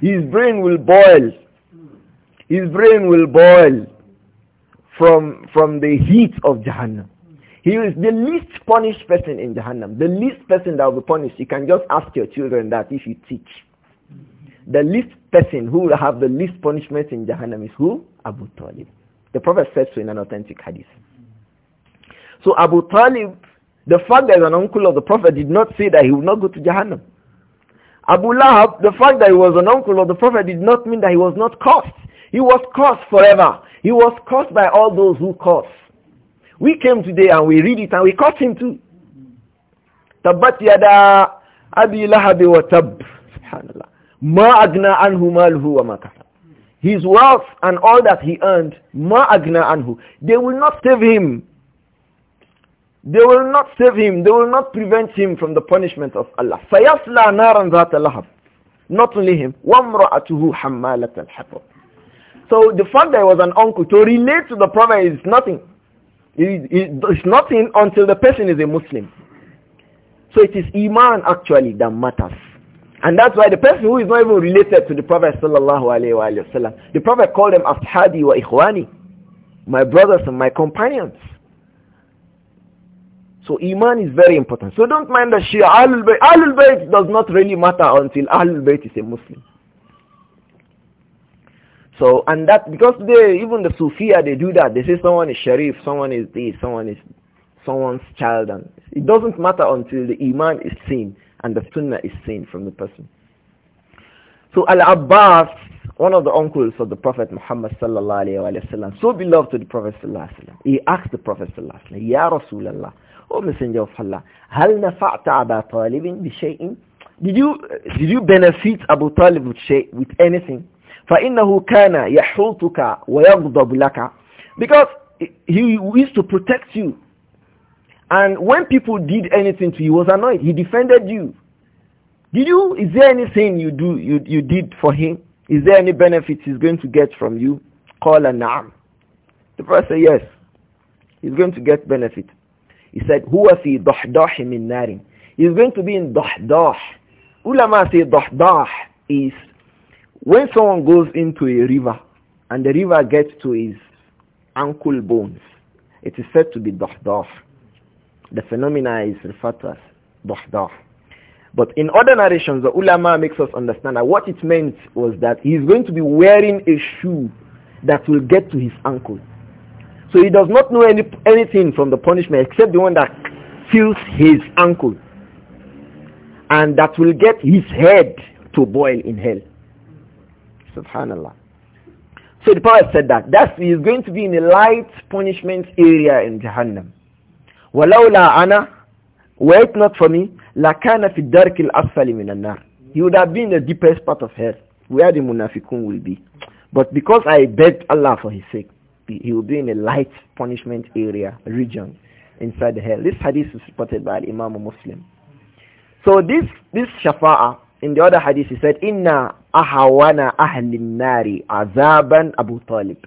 his brain will boil. His brain will boil from, from the heat of Jahannam. He is the least punished person in Jahannam. The least person that will be punished. You can just ask your children that if you teach. The least person who will have the least punishment in Jahannam is who? Abu Talib. The Prophet said so in an authentic hadith. So Abu Talib, the fact that an uncle of the Prophet did not say that he would not go to Jahannam. Abu Lahab, the fact that he was an uncle of the Prophet did not mean that he was not cursed. He was cursed forever. He was cursed by all those who curse. We came today and we read it and we caught him too. Tabat yada abi lahab wa tab. Ma agna anhu malhu wa His wealth and all that he earned, ma agna anhu. They will not save him. They will not save him. They will not prevent him from the punishment of Allah. فَيَصْلَى نَارًا ذَاتَ لَهَبٍ Not only him. وَامْرَأَتُهُ حَمَّالَةَ الْحَطَبِ So the fact that he was an uncle, to relate to the Prophet is nothing. it's nothing until the person is a Muslim. So it is Iman actually that matters. And that's why the person who is not even related to the Prophet sallallahu alaihi wasallam, the Prophet called them Ashadi wa Ikhwani, my brothers and my companions. So Iman is very important. So don't mind the Shia. Ahlul Bayt, Ahlul Bayt does not really matter until Ahlul Bayt is a Muslim. So, and that, because even the Sufia, they do that. They say someone is Sharif, someone is this, someone is someone's child. And it doesn't matter until the Iman is seen and the Sunnah is seen from the person. So Al-Abbas, one of the uncles of the Prophet Muhammad sallallahu alayhi wa sallam, so beloved to the Prophet sallallahu alayhi wa sallam, he asked the Prophet sallallahu alayhi wa sallam, Ya Rasulallah, Oh Messenger of Allah, هل نفعت أبا about بشيء? Did you, did you benefit Abu Talib with, shay, with anything? kana كان يحوطك ويغضب لك Because he used to protect you. And when people did anything to you, he was annoyed. He defended you. Did you, is there anything you do, you, you did for him? Is there any benefit he's going to get from you? Call a na'am. The person yes. He's going to get benefit. He said, Huwa fi dahdahi min narin. He's going to be in dahdah. Ulama say dahdah is when someone goes into a river and the river gets to his ankle bones, it is said to be dahdah. The phenomena is referred to as dahdah. But in other narrations, the ulama makes us understand that what it meant was that he is going to be wearing a shoe that will get to his ankle. So he does not know any, anything from the punishment except the one that fills his ankle and that will get his head to boil in hell. Subhanallah. So the Prophet said that. That is going to be in a light punishment area in Jahannam. وَلَوْلَا أَنَا Were it not for me, لَكَانَ فِي الدَّرْكِ الْأَسْفَلِ مِنَ النَّارِ He would have been the deepest part of hell, where the munafiqun will be. But because I begged Allah for his sake, he will be in a light punishment area, region inside the hell. This hadith is supported by Imam Muslim. So this this shafa'a in the other hadith he said inna ahawana ahli nari azaban Abu Talib.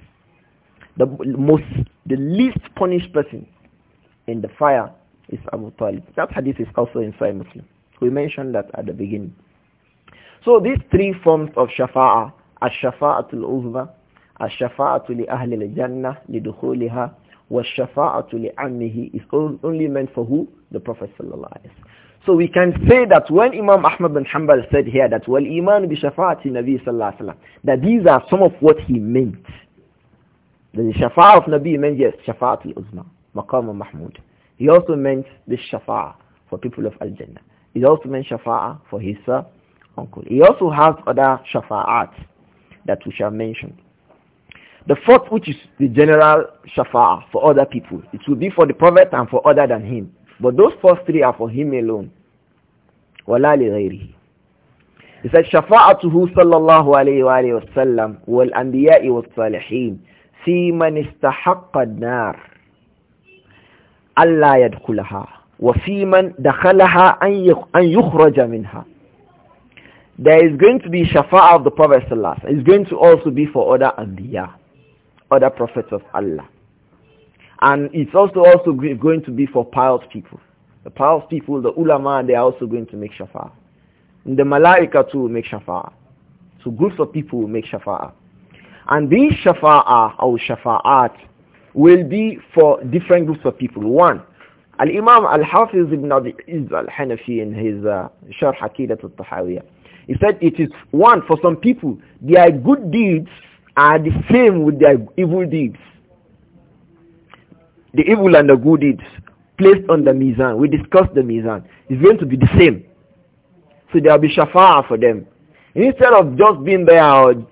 The most the least punished person in the fire is Abu Talib. That hadith is also in Sahih Muslim. We mentioned that at the beginning. So these three forms of shafa'a, ash-shafa'atul uzma, الشفاعة لأهل الجنة لدخولها والشفاعة ammihi is only meant for who? The Prophet sallallahu alaihi wasallam. So we can say that when Imam Ahmad bin Hanbal said here that wal iman bi shafa'ati Nabi sallallahu alaihi wasallam that these are some of what he meant. The shafa'a of Nabi meant yes, shafa'at al-uzma, maqam mahmud. He also meant the shafa'a for people of al-Jannah. He also meant shafa'a for his uh, uncle. He also has other shafa'at that we shall mention. The fourth, which is the general shafa for other people. It will be for the Prophet and for other than him. But those first three are for him alone. وَلَا لِغَيْرِهِ He said, شَفَاعَتُهُ صَلَّى اللَّهُ عَلَيْهِ وَآلِهِ وَسَلَّمْ وَالْأَنْبِيَاءِ وَالصَّالِحِينَ فِي مَنِ اسْتَحَقَّ النَّارِ أَلَّا يَدْخُلَهَا وَفِي مَنْ دَخَلَهَا أَنْ يُخْرَجَ مِنْهَا There is going to be shafa of the Prophet Sallallahu It's going to also be for other anbiya other prophets of Allah. And it's also also going to be for pious people. The pious people, the ulama, they are also going to make shafa, the malaika too will make shafa, So groups of people will make shafa, And these shafa'a or shafa'at will be for different groups of people. One, Al-Imam Al-Hafiz ibn Al-Hanafi in his uh, Sharh Aqidat al-Tahawiyah. He said it is one, for some people, their good deeds are the same with their evil deeds. The evil and the good deeds placed on the mizan. We discussed the mizan. It's going to be the same. So there will be shafa'ah for them. Instead of just being there or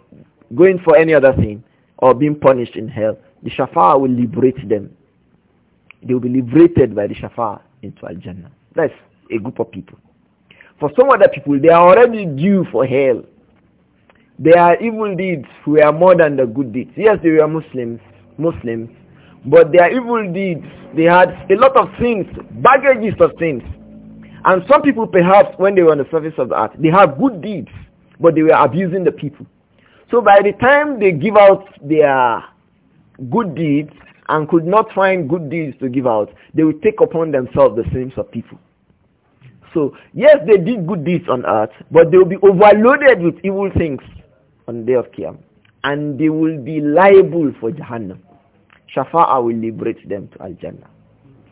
going for any other thing or being punished in hell, the shafa'ah will liberate them. They will be liberated by the shafa'ah into Al-Jannah. That's a group of people. For some other people, they are already due for hell. Their evil deeds were more than the good deeds. Yes, they were Muslims, Muslims, but their evil deeds, they had a lot of sins, baggages of sins. And some people perhaps when they were on the surface of the earth, they had good deeds, but they were abusing the people. So by the time they give out their good deeds and could not find good deeds to give out, they will take upon themselves the sins of people. So yes, they did good deeds on earth, but they will be overloaded with evil things on the day of Qiyam. And they will be liable for Jahannam. Shafa'a will liberate them to Al-Jannah.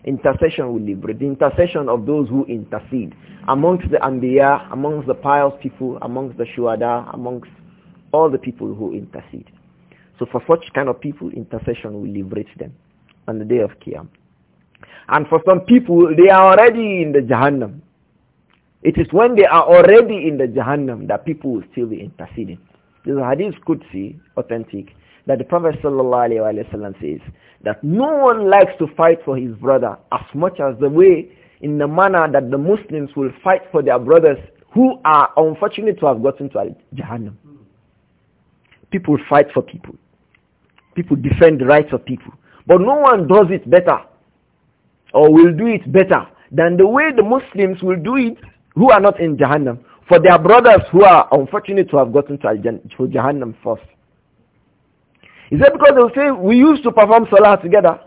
Intercession will liberate. The intercession of those who intercede. Amongst the Anbiya, amongst the pious people, amongst the Shu'ada, amongst all the people who intercede. So for such kind of people, intercession will liberate them on the day of Qiyam. And for some people, they are already in the Jahannam. It is when they are already in the Jahannam that people will still be interceding. This hadith could see authentic, that the Prophet wasallam says that no one likes to fight for his brother as much as the way, in the manner that the Muslims will fight for their brothers who are unfortunate to have gotten to Jahannam. People fight for people. People defend the rights of people. But no one does it better or will do it better than the way the Muslims will do it who are not in Jahannam for their brothers who are unfortunate to have gotten to, to Jahannam first. Is that because they will say, we used to perform Salah together.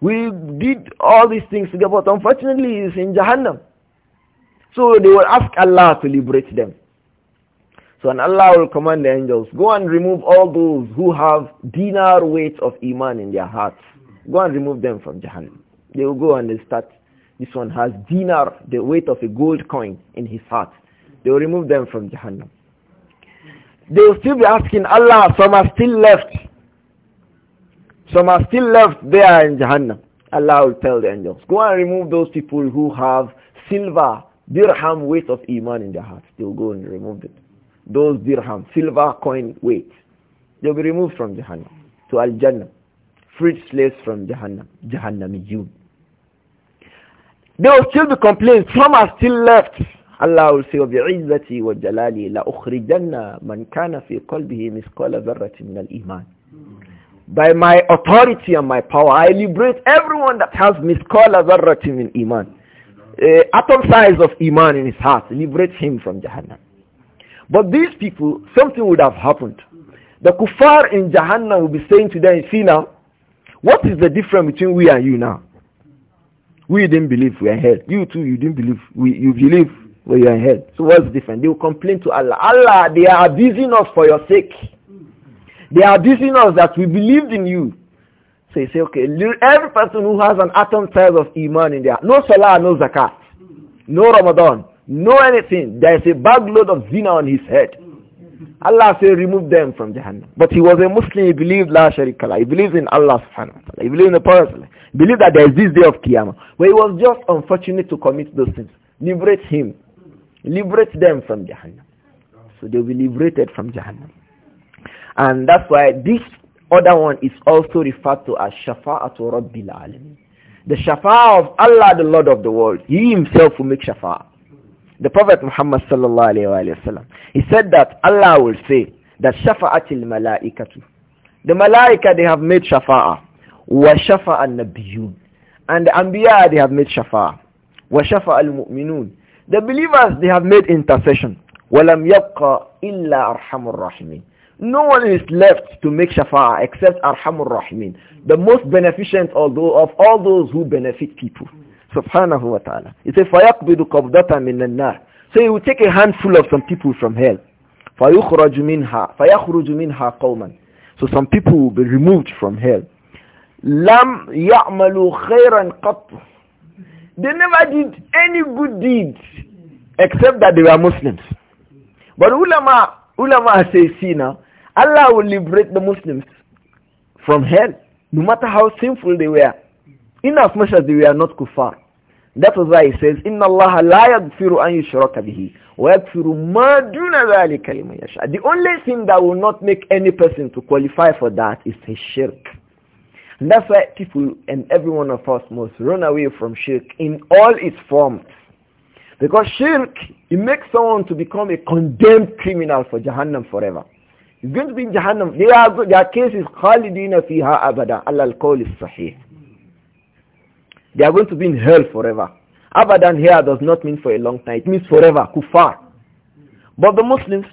We did all these things together, but unfortunately it's in Jahannam. So they will ask Allah to liberate them. So and Allah will command the angels, go and remove all those who have dinar weight of iman in their hearts. Go and remove them from Jahannam. They will go and they start. This one has dinar, the weight of a gold coin in his heart. They will remove them from Jahannam. They will still be asking Allah, some are still left. Some are still left there in Jahannam. Allah will tell the angels, go and remove those people who have silver, dirham weight of iman in their hearts. They'll go and remove it. Those dirham, silver coin weight. They'll be removed from Jahannam to Al-Jannah. Freed slaves from Jahannam. Jahannamiyun. There will still be complaints. Some are still left. Allah will say, مَنْ كَانَ فِي قَلْبِهِ مِثْقَالَ مِنَ الْإِيمَانِ By my authority and my power, I liberate everyone that has مِثْقَالَ ذَرَّةٍ مِنْ إِيمَانِ uh, Atom size of Iman in his heart, liberate him from Jahannam. But these people, something would have happened. The kuffar in Jahannam will be saying to them, see now, what is the difference between we and you now? We didn't believe we are hell. You too, you didn't believe. We, you believe but you are in hell. So what's different? They will complain to Allah. Allah, they are abusing us for your sake. They are abusing us that we believed in you. So you say, okay, every person who has an atom size of Iman in there, no Salah, no Zakat, no Ramadan, no anything, there is a bag load of zina on his head. Allah said, remove them from Jahannam. But he was a Muslim, he believed La Sharika He believes in Allah subhanahu wa ta'ala. He believes in the Prophet. He believed that there is this day of Qiyamah. But he was just unfortunate to commit those sins. Liberate him. Liberate them from Jahannam. So they'll be liberated from Jahannam. And that's why this other one is also referred to as Shafa'atu Rabbil Alamin. The Shafa of Allah, the Lord of the world. He himself will make Shafa. The Prophet Muhammad sallallahu alayhi wa sallam, he said that Allah will say that Shafa'atil Malaikatu. The Malaika, they have made Shafa'a. Wa an Nabiyun. And the Anbiya, they have made Shafa, Wa Shafa Al-Mu'minun. The believers, they have made intercession. وَلَمْ يَبْقَ إِلَّا أَرْحَمُ الرَّحِمِينَ No one is left to make shafa'a except Arhamur Rahimin, the most beneficent although of all those who benefit people. Subhanahu wa ta'ala. It's a فَيَقْبِدُ قَبْضَةً مِنَ النَّارِ So he will take a handful of some people from hell. فَيُخْرَجُ مِنْهَا فَيَخْرُجُ مِنْهَا قَوْمًا So some people will be removed from hell. لَمْ يَعْمَلُوا خَيْرًا قَطْرًا they never did any good deeds except that they were Muslims. But ulama, ulama say, see now, Allah will liberate the Muslims from hell, no matter how sinful they were, inasmuch as they were not kuffar. That was why he says, إِنَّ اللَّهَ la يَغْفِرُ أَن يُشْرَكَ wa وَيَغْفِرُ مَا دُونَ ذَلِكَ The only thing that will not make any person to qualify for that is his shirk. And that's why people and every one of us must run away from shirk in all its forms. Because shirk, it makes someone to become a condemned criminal for Jahannam forever. He's going to be in Jahannam. They are, their case is khalidina fiha abada. Allah al is sahih. They are going to be in hell forever. Abadan here does not mean for a long time. It means forever, kufar. But the Muslims,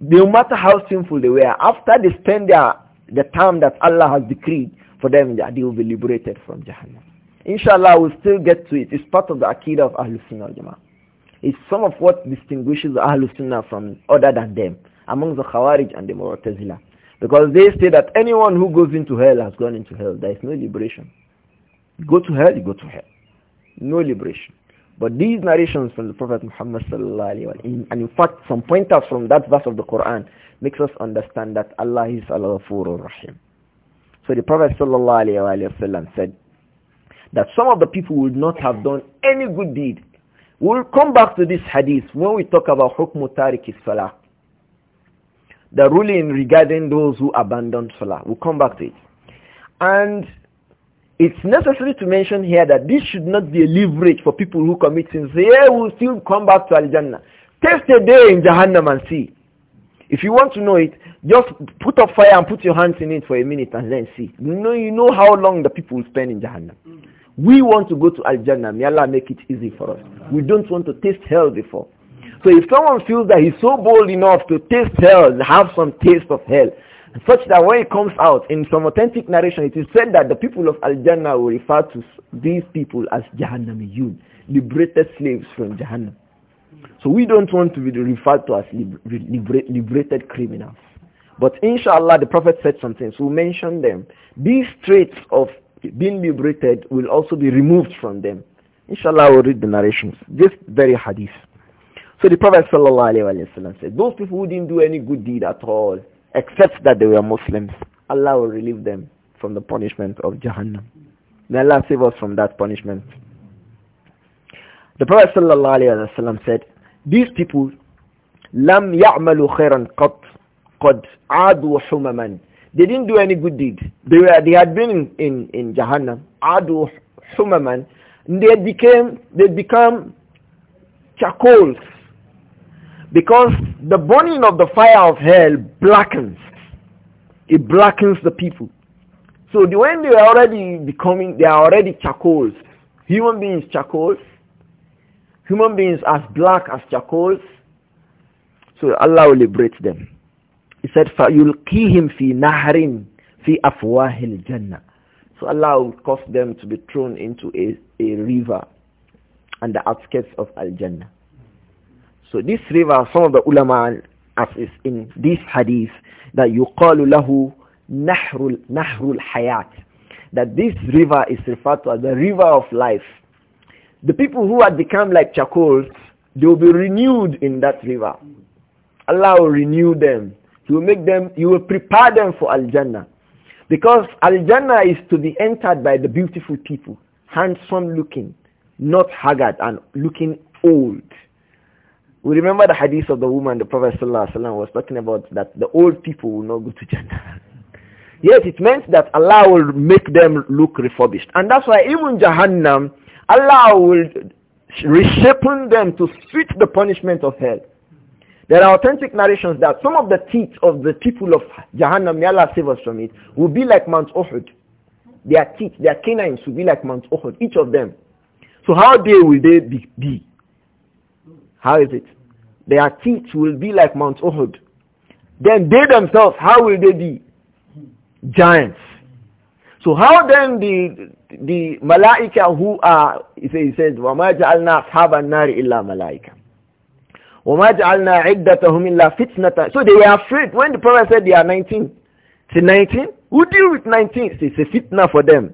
no matter how sinful they were, after they spend their, the time that Allah has decreed, for them that they will be liberated from Jahannam. Inshallah, we'll still get to it. It's part of the Aqidah of Ahlul Sunnah al Jama'ah. It's some of what distinguishes Ahlul Sunnah from other than them, among the Khawarij and the Mu'tazila. Because they say that anyone who goes into hell has gone into hell. There is no liberation. You go to hell, you go to hell. No liberation. But these narrations from the Prophet Muhammad sallallahu and in fact some pointers from that verse of the Quran makes us understand that Allah is al-Ghafurur Rahim. So the Prophet ﷺ said that some of the people would not have done any good deed. We'll come back to this hadith when we talk about hukmu tariki salah. The ruling regarding those who abandon salah. We'll come back to it. And it's necessary to mention here that this should not be a leverage for people who commit sins. They will still come back to Al-Jannah. Test a day in Jahannam and see. If you want to know it, just put up fire and put your hands in it for a minute and then see. You know, you know how long the people will spend in Jahannam. Mm. We want to go to Al-Jannah. May Allah make it easy for us. We don't want to taste hell before. So if someone feels that he's so bold enough to taste hell, have some taste of hell, such that when it comes out, in some authentic narration, it is said that the people of Al-Jannah will refer to these people as Jahannamiyun, liberated slaves from Jahannam. So we don't want to be referred to as liber liberated criminals. But inshallah, the Prophet said some things. we mention them. These traits of being liberated will also be removed from them. Inshallah, we'll read the narrations. This very hadith. So the Prophet wasallam said, those people who didn't do any good deed at all, except that they were Muslims, Allah will relieve them from the punishment of Jahannam. May Allah save us from that punishment. The Prophet wasallam said, these people, لم يعملوا خيرا قط قَدْ عَادُوا حُمَمًا They didn't do any good deed. They, were, they had been in, in, in Jahannam. عَادُوا حُمَمًا They became, they become charcoals. Because the burning of the fire of hell blackens. It blackens the people. So the, when they are already becoming, they are already charcoals. Human beings charcoals. Human beings as black as charcoals. So Allah will liberate them. He said, فَيُلْقِيهِمْ فِي نَهْرٍ فِي أَفْوَاهِ الْجَنَّةِ So Allah will cause them to be thrown into a, a river and the outskirts of Al-Jannah. So this river, some of the ulama, as is in this hadith, that يُقَالُ لَهُ نَهْرُ الْحَيَاةِ That this river is referred to as the river of life. The people who had become like charcoals, they will be renewed in that river. Allah will renew them. You make them, you will prepare them for Al-Jannah. Because Al-Jannah is to be entered by the beautiful people, handsome looking, not haggard and looking old. We remember the hadith of the woman the Prophet ﷺ was talking about that the old people will not go to Jannah. yes, it means that Allah will make them look refurbished. And that's why even Jahannam, Allah will reshape them to suit the punishment of hell. There are authentic narrations that some of the teeth of the people of Jahannam, may Allah save us from it, will be like Mount Uhud. Their teeth, their canines will be like Mount Uhud, each of them. So how they will they be? How is it? Their teeth will be like Mount Uhud. Then they themselves, how will they be? Giants. So how then the the malaika who are, he says, وَمَا جَعَلْنَا أَصْحَابَ النَّارِ إِلَّا مَلَائِكَةً وَمَا جَعَلْنَا عِدَّتَهُمْ إِلَّا So they were afraid. When the Prophet said they are 19, say 19? Who deal with 19? It's a fitna for them.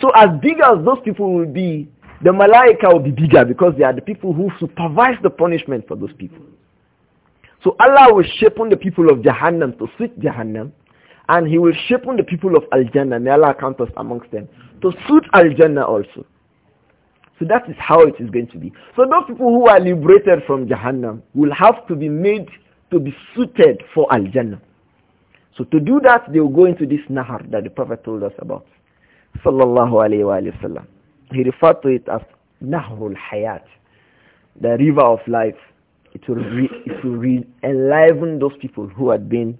So as big as those people will be, the malaika will be bigger because they are the people who supervise the punishment for those people. So Allah will shape on the people of Jahannam to suit Jahannam and he will shape on the people of Al-Jannah, may Allah count us amongst them, to suit Al-Jannah also. So that is how it is going to be. So those people who are liberated from Jahannam will have to be made to be suited for Al-Jannah. So to do that, they will go into this Nahar that the Prophet told us about. Sallallahu alayhi wa, sallam. He referred to it as Nahrul Hayat, the river of life. It will, re, it will re enliven those people who had been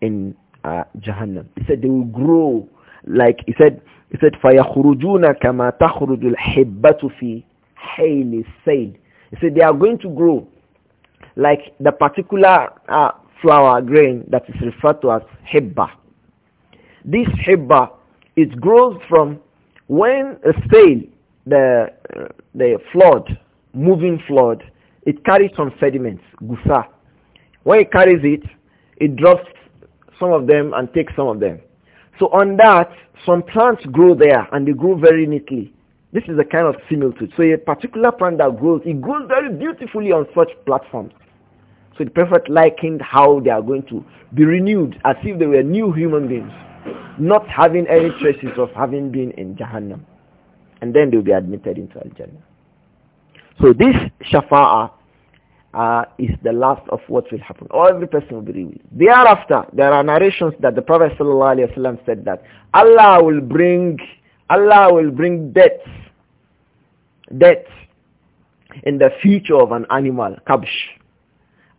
in uh, Jahannam. He said they will grow like, he said, he said, فَيَخْرُجُونَ كَمَا تَخْرُجُ الْحِبَّةُ فِي حَيْلِ السَّيْلِ He said, they are going to grow like the particular uh, flower grain that is referred to as hibba. This hibba, it grows from when a sail, the, uh, the flood, moving flood, it carries some sediments, gusa. When it carries it, it drops some of them and takes some of them. So on that, some plants grow there and they grow very neatly. This is a kind of similitude. So a particular plant that grows, it grows very beautifully on such platforms. So the Prophet likened how they are going to be renewed as if they were new human beings, not having any traces of having been in Jahannam. And then they'll be admitted into Al-Jannah. So this Shafa'ah uh, is the last of what will happen. Or every person will be revealed. Thereafter, there are narrations that the Prophet ﷺ said that Allah will bring Allah will bring death, death in the future of an animal, kabsh.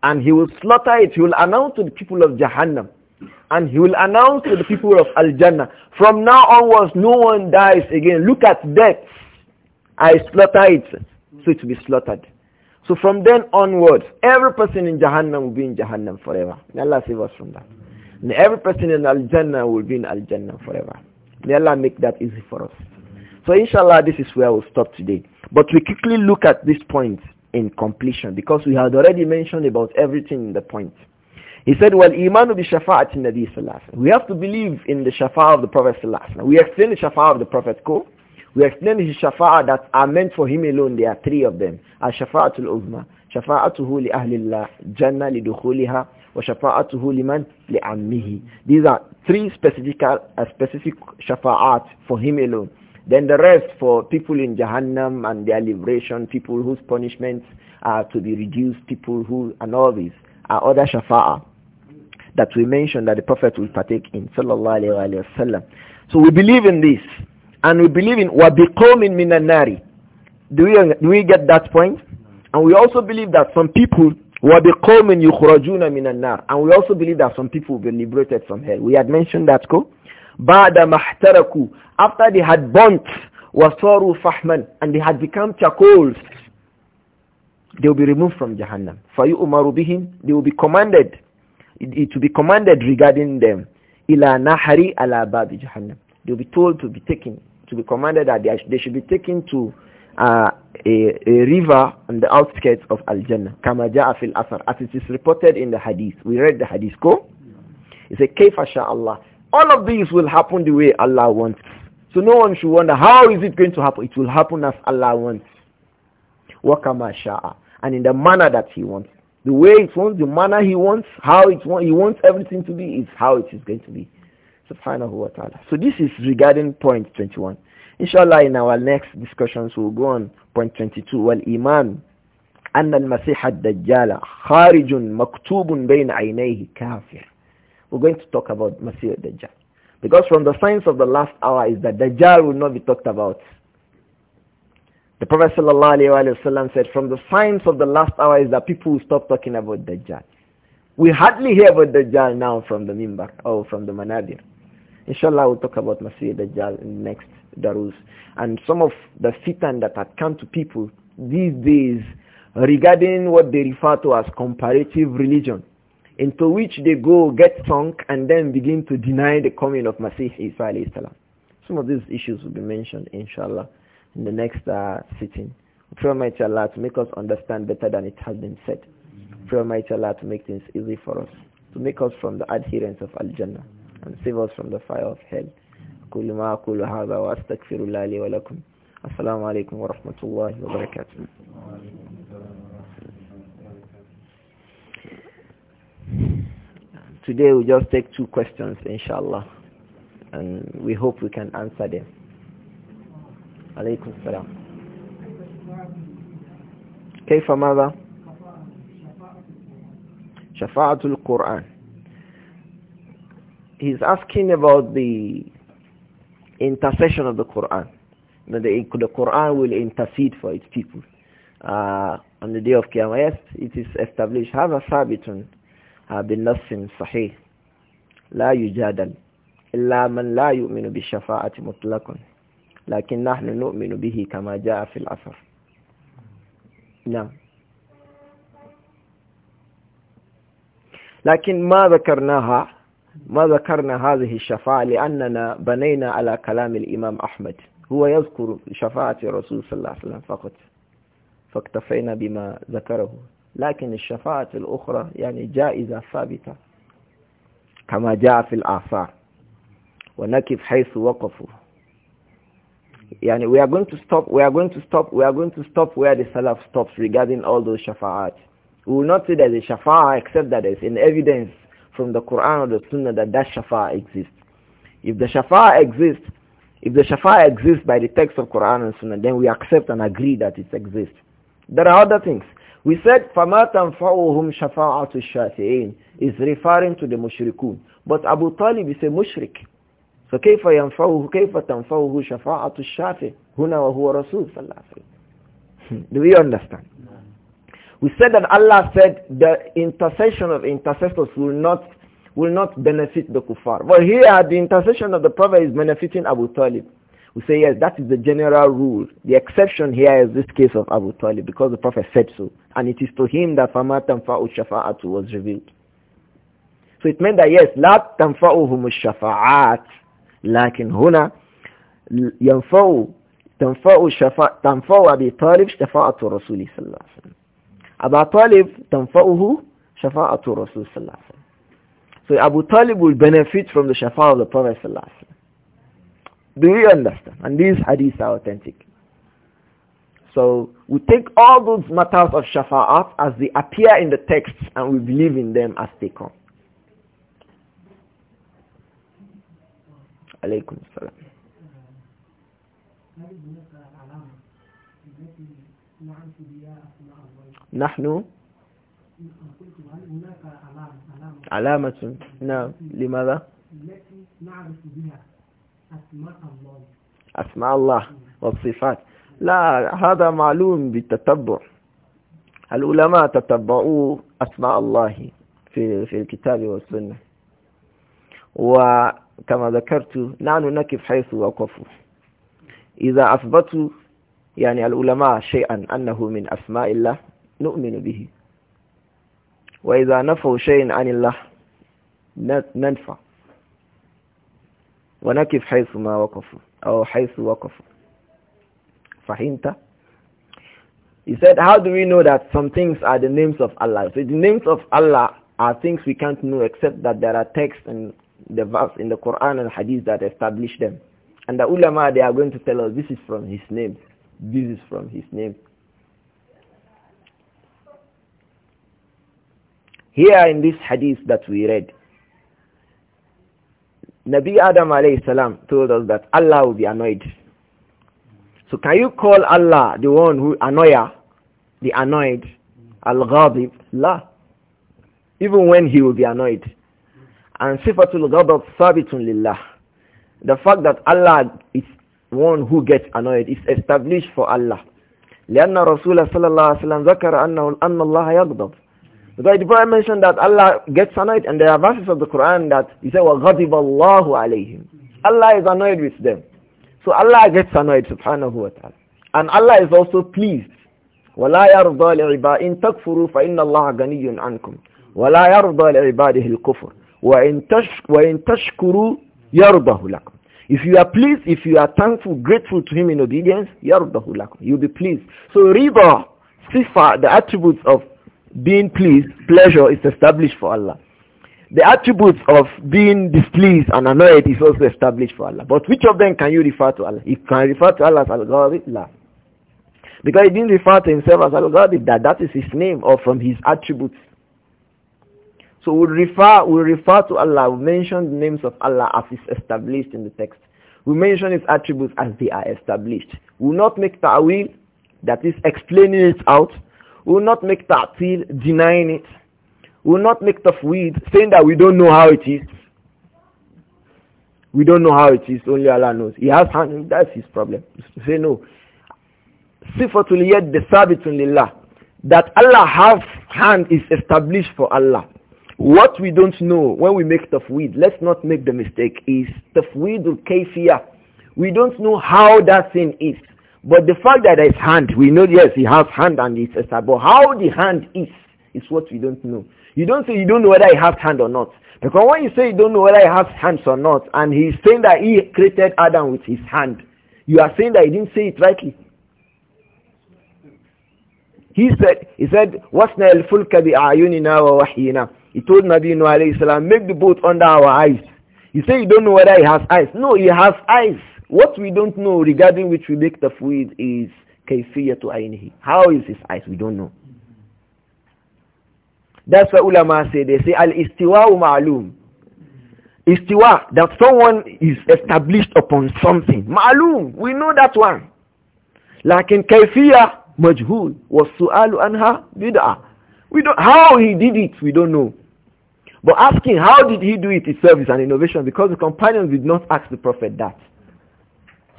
And he will slaughter it. He will announce to the people of Jahannam. And he will announce to the people of Al-Jannah, from now onwards, no one dies again. Look at death. I slaughter it. So it will be slaughtered. So from then onwards, every person in Jahannam will be in Jahannam forever. May Allah save us from that. And every person in Al-Jannah will be in Al-Jannah forever. May Allah make that easy for us. So inshallah, this is where we'll stop today. But we quickly look at this point in completion because we had already mentioned about everything in the point. He said, well, iman bi shafa'ati nabi sallallahu We have to believe in the shafa' of the Prophet sallallahu We explain the shafa' of the Prophet, cool? We explained his shafa'a that are meant for him alone. There are three of them. Al-shafa'atul uzma. Shafa'atuhu li ahlillah. Jannah li dukhuliha. Wa shafa'atuhu liman li ammihi. These are three specific, uh, specific shafa'at for him alone. Then the rest for people in Jahannam and their liberation, people whose punishments are to be reduced, people who, and all these are other shafa'a that we mentioned that the Prophet will partake in. Sallallahu alayhi wa So we believe in this and we believe in وَبِقَوْمٍ مِنَ النَّارِ do we, do we get that point? And we also believe that some people وَبِقَوْمٍ يُخْرَجُونَ مِنَ النَّارِ and we also believe that some people will be liberated from hell. We had mentioned that, ko? بَعْدَ مَحْتَرَكُوا after they had burnt وَصَارُوا فَحْمًا and they had become charcoals they will be removed from Jahannam. فَيُؤْمَرُ بِهِمْ They will be commanded. It, will be commanded regarding them. إِلَى نَحَرِ عَلَى بَابِ جَهَنَّمْ They will be told to be taken to be commanded that they, they should be taken to uh, a, a, river on the outskirts of Al-Jannah. Kama ja'a asar. As it is reported in the hadith. We read the hadith. Go. It's a kaifa Allah. All of these will happen the way Allah wants. So no one should wonder how is it going to happen. It will happen as Allah wants. Wakama sha'a. And in the manner that he wants. The way it wants, the manner he wants, how it wants, he wants everything to be is how it is going to be subhanahu wa ta'ala. So this is regarding point 21. Inshallah in our next discussions we'll go on point 22. Well, Iman, al-masih المسيح الدجال kharijun, maktubun بين عينيه كافر. We're going to talk about Masih Dajjal. Because from the signs of the last hour is that Dajjal will not be talked about. The Prophet sallallahu ﷺ said, from the signs of the last hour is that people will stop talking about Dajjal. We hardly hear about Dajjal now from the Mimbar or from the Manadir. Inshallah, we'll talk about Masih Dajjal in the next Darus. And some of the fitan that had come to people these days regarding what they refer to as comparative religion, into which they go get sunk and then begin to deny the coming of Masih Isa alayhi salam. Some of these issues will be mentioned, inshallah, in the next uh, sitting. Pray Almighty Allah to make us understand better than it has been said. Pray Almighty Allah to make things easy for us, to make us from the adherents of Al-Jannah and save us from the fire of hell أقول ما أقول هذا وأستغفر الله لي ولكم السلام عليكم ورحمة الله وبركاته Today we'll just take two questions inshallah and we hope we can answer them. عليكم السلام كيف ماذا؟ شفاعة القرآن he's asking about the intercession of the Quran. You the, the, Quran will intercede for its people uh, on the day of Qiyamah. it is established. هذا ثابت بالنص صحيح لا يجادل إلا من لا يؤمن بالشفاعة مطلقا لكن نحن نؤمن به كما جاء في الأثر نعم لكن ما ذكرناها ما ذكرنا هذه الشفاعة لأننا بنينا على كلام الإمام أحمد هو يذكر شفاعة الرسول صلى الله عليه وسلم فقط فاكتفينا بما ذكره لكن الشفاعة الأخرى يعني جائزة ثابتة كما جاء في الآثار ونكف حيث وقفوا يعني we are going to stop we are going to stop we are going to stop where the salaf stops regarding all those shafa'at we will not say there is a except that there is an evidence from the Quran or the Sunnah that that shafa exists. If the shafa exists, if the shafa exists by the text of Quran and Sunnah, then we accept and agree that it exists. There are other things. We said فَمَا تَنْفَعُهُمْ شَفَاعَةُ الشَّافِعِينَ is referring to the mushrikun. But Abu Talib is a mushrik. So كيف ينفعه كيف تنفعه شفاعة الشافع هنا وهو رسول صلى الله عليه وسلم. Do we understand? We said that Allah said the intercession of intercessors will not will not benefit the kuffar. But here the intercession of the Prophet is benefiting Abu Talib. We say yes, that is the general rule. The exception here is this case of Abu Talib because the Prophet said so. And it is to him that Fama Tanfa'u Shafa'atu was revealed. So it meant that yes, La Tanfa'uhum Shafa'at. لكن هنا ينفعوا تنفعوا شفاعة تنفعوا أبي طالب شفاعة رسول صلى الله عليه وسلم Abu Talib tanfa'uhu shafa'atu Rasul sallallahu alaihi So Abu Talib will benefit from the shafa of the Prophet Do you understand? And these hadiths are authentic. So we take all those matters of shafa'at as they appear in the texts and we believe in them as they come. Alaykum salam. نحن علامة نعم لماذا التي نعرف بها أسماء الله أسماء الله والصفات لا هذا معلوم بالتتبع العلماء تتبعوا أسماء الله في في الكتاب والسنة وكما ذكرت نحن نقف حيث وقفوا إذا أثبتوا يعني العلماء شيئا أنه من أسماء الله نؤمن به وإذا نفوا شيء عن الله Wa ونكف حيث ma وقفوا أو حيث وقفوا Fahinta. He said, how do we know that some things are the names of Allah? So the names of Allah are things we can't know except that there are texts and the verse in the Quran and Hadith that establish them. And the ulama, they are going to tell us, this is from his name, this is from his name, Here in this hadith that we read, Nabi Adam alayhi salam told us that Allah will be annoyed. So can you call Allah the one who annoys, the annoyed, al-ghadib? La. Even when he will be annoyed. And sifatul ghadab sabitun lillah. The fact that Allah is one who gets annoyed is established for Allah. لأن رسول صلى الله عليه وسلم ذكر أنه أن الله يغضب because the Prophet mentioned that Allah gets annoyed and there are verses of the Quran that he said, وَغَضِبَ اللَّهُ عَلَيْهِمْ Allah is annoyed with them. So Allah gets annoyed, subhanahu wa ta'ala. And Allah is also pleased. وَلَا يَرْضَى لِعِبَادِ إِن تَكْفُرُوا فَإِنَّ اللَّهَ غَنِيٌّ عَنْكُمْ وَلَا يَرْضَى لِعِبَادِهِ الْكُفْرِ وَإِن, تشك وإن تَشْكُرُوا يَرْضَهُ لَكُمْ If you are pleased, if you are thankful, grateful to Him in obedience, يَرْضَهُ لَكُمْ You'll be pleased. So riba, sifa, the attributes of being pleased, pleasure is established for Allah. The attributes of being displeased and annoyed is also established for Allah. But which of them can you refer to Allah? You can refer to Allah as Al-Ghadib, La. Because he didn't refer to himself as Al-Ghadib, that, that is his name or from his attributes. So we we'll refer, we will refer to Allah, we we'll mention the names of Allah as is established in the text. We mention his attributes as they are established. We will not make ta'wil, that is explaining it out, will not make ta'til denying it. will not make tafweed saying that we don't know how it is. We don't know how it is. Only Allah knows. He has hand. That's his problem. Say no. Sifatul yad the bisabitun lillah. That Allah has hand is established for Allah. What we don't know when we make tafweed, let's not make the mistake, is tafweedul kayfiyah. We don't know how that thing is. But the fact that it's hand, we know, yes, he has hand and it's a But how the hand is, is what we don't know. You don't say you don't know whether he has hand or not. Because when you say you don't know whether he has hands or not, and he's saying that he created Adam with his hand, you are saying that he didn't say it rightly. He said, he said, وَاسْنَا الْفُلْكَ بِأَعْيُنِنَا وَوَحْيِنَا He told Nabi Nuh alayhi salam, make the boat under our eyes. You say you don't know whether he has eyes. No, he has eyes. What we don't know regarding which we make tafweed is kayfiyya to ainihi. How is his eyes? We don't know. That's what ulama say. They say al-istiwa ma'lum. Istiwa, that someone is established upon something. Ma'lum, we know that one. Lakin kayfiyya majhul was su'alu anha bid'ah. We don't, how he did it, we don't know. But asking how did he do it itself is an innovation because the companions did not ask the Prophet that.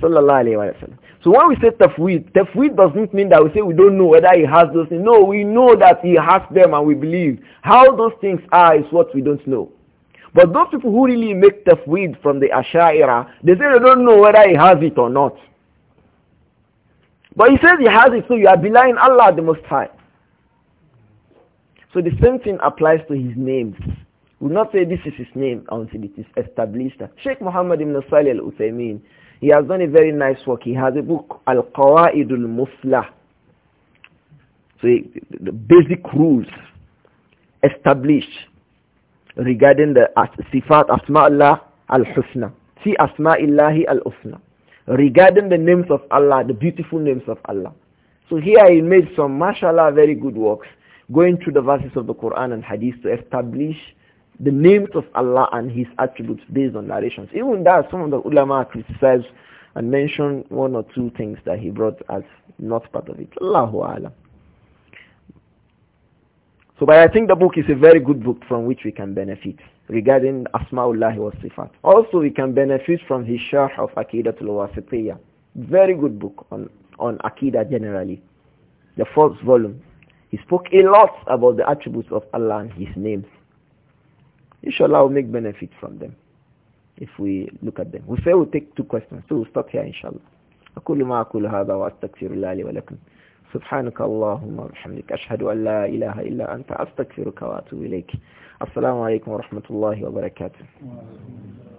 Sallallahu alayhi wa sallam. So when we say tafweed, tafweed doesn't mean that we say we don't know whether he has those things. No, we know that he has them and we believe. How those things are is what we don't know. But those people who really make tafweed from the Asha'ira, they say they don't know whether he has it or not. But he says he has it, so you are belying Allah the Most High. So the same thing applies to his names. We will not say this is his name until it is established. Sheikh Muhammad ibn Salih al-Uthaymeen, he has done a very nice work. He has a book, Al-Qawaidul Musla. So the basic rules established regarding the Sifat Asma'Allah Al-Husna. See Asma'illahi Al-Husna. Regarding the names of Allah, the beautiful names of Allah. So here he made some, mashallah, very good works, going through the verses of the Quran and Hadith to establish the names of Allah and his attributes based on narrations. Even that, some of the ulama criticized and mentioned one or two things that he brought as not part of it. Allahu Alam. So but I think the book is a very good book from which we can benefit regarding Asma'ullah wa Sifat. Also we can benefit from his Sharh of Aqidatul Wasitiyah. Very good book on, on Aqidah generally. The fourth volume. He spoke a lot about the attributes of Allah and his names. Inshallah, we'll make benefit from them if we look at them. We say we'll take two questions, so we'll stop here, inshallah. أقول ما أقول هذا وأستغفر الله لي ولكم سبحانك اللهم وبحمدك أشهد أن لا إله إلا أنت أستغفرك وأتوب إليك السلام عليكم ورحمة الله وبركاته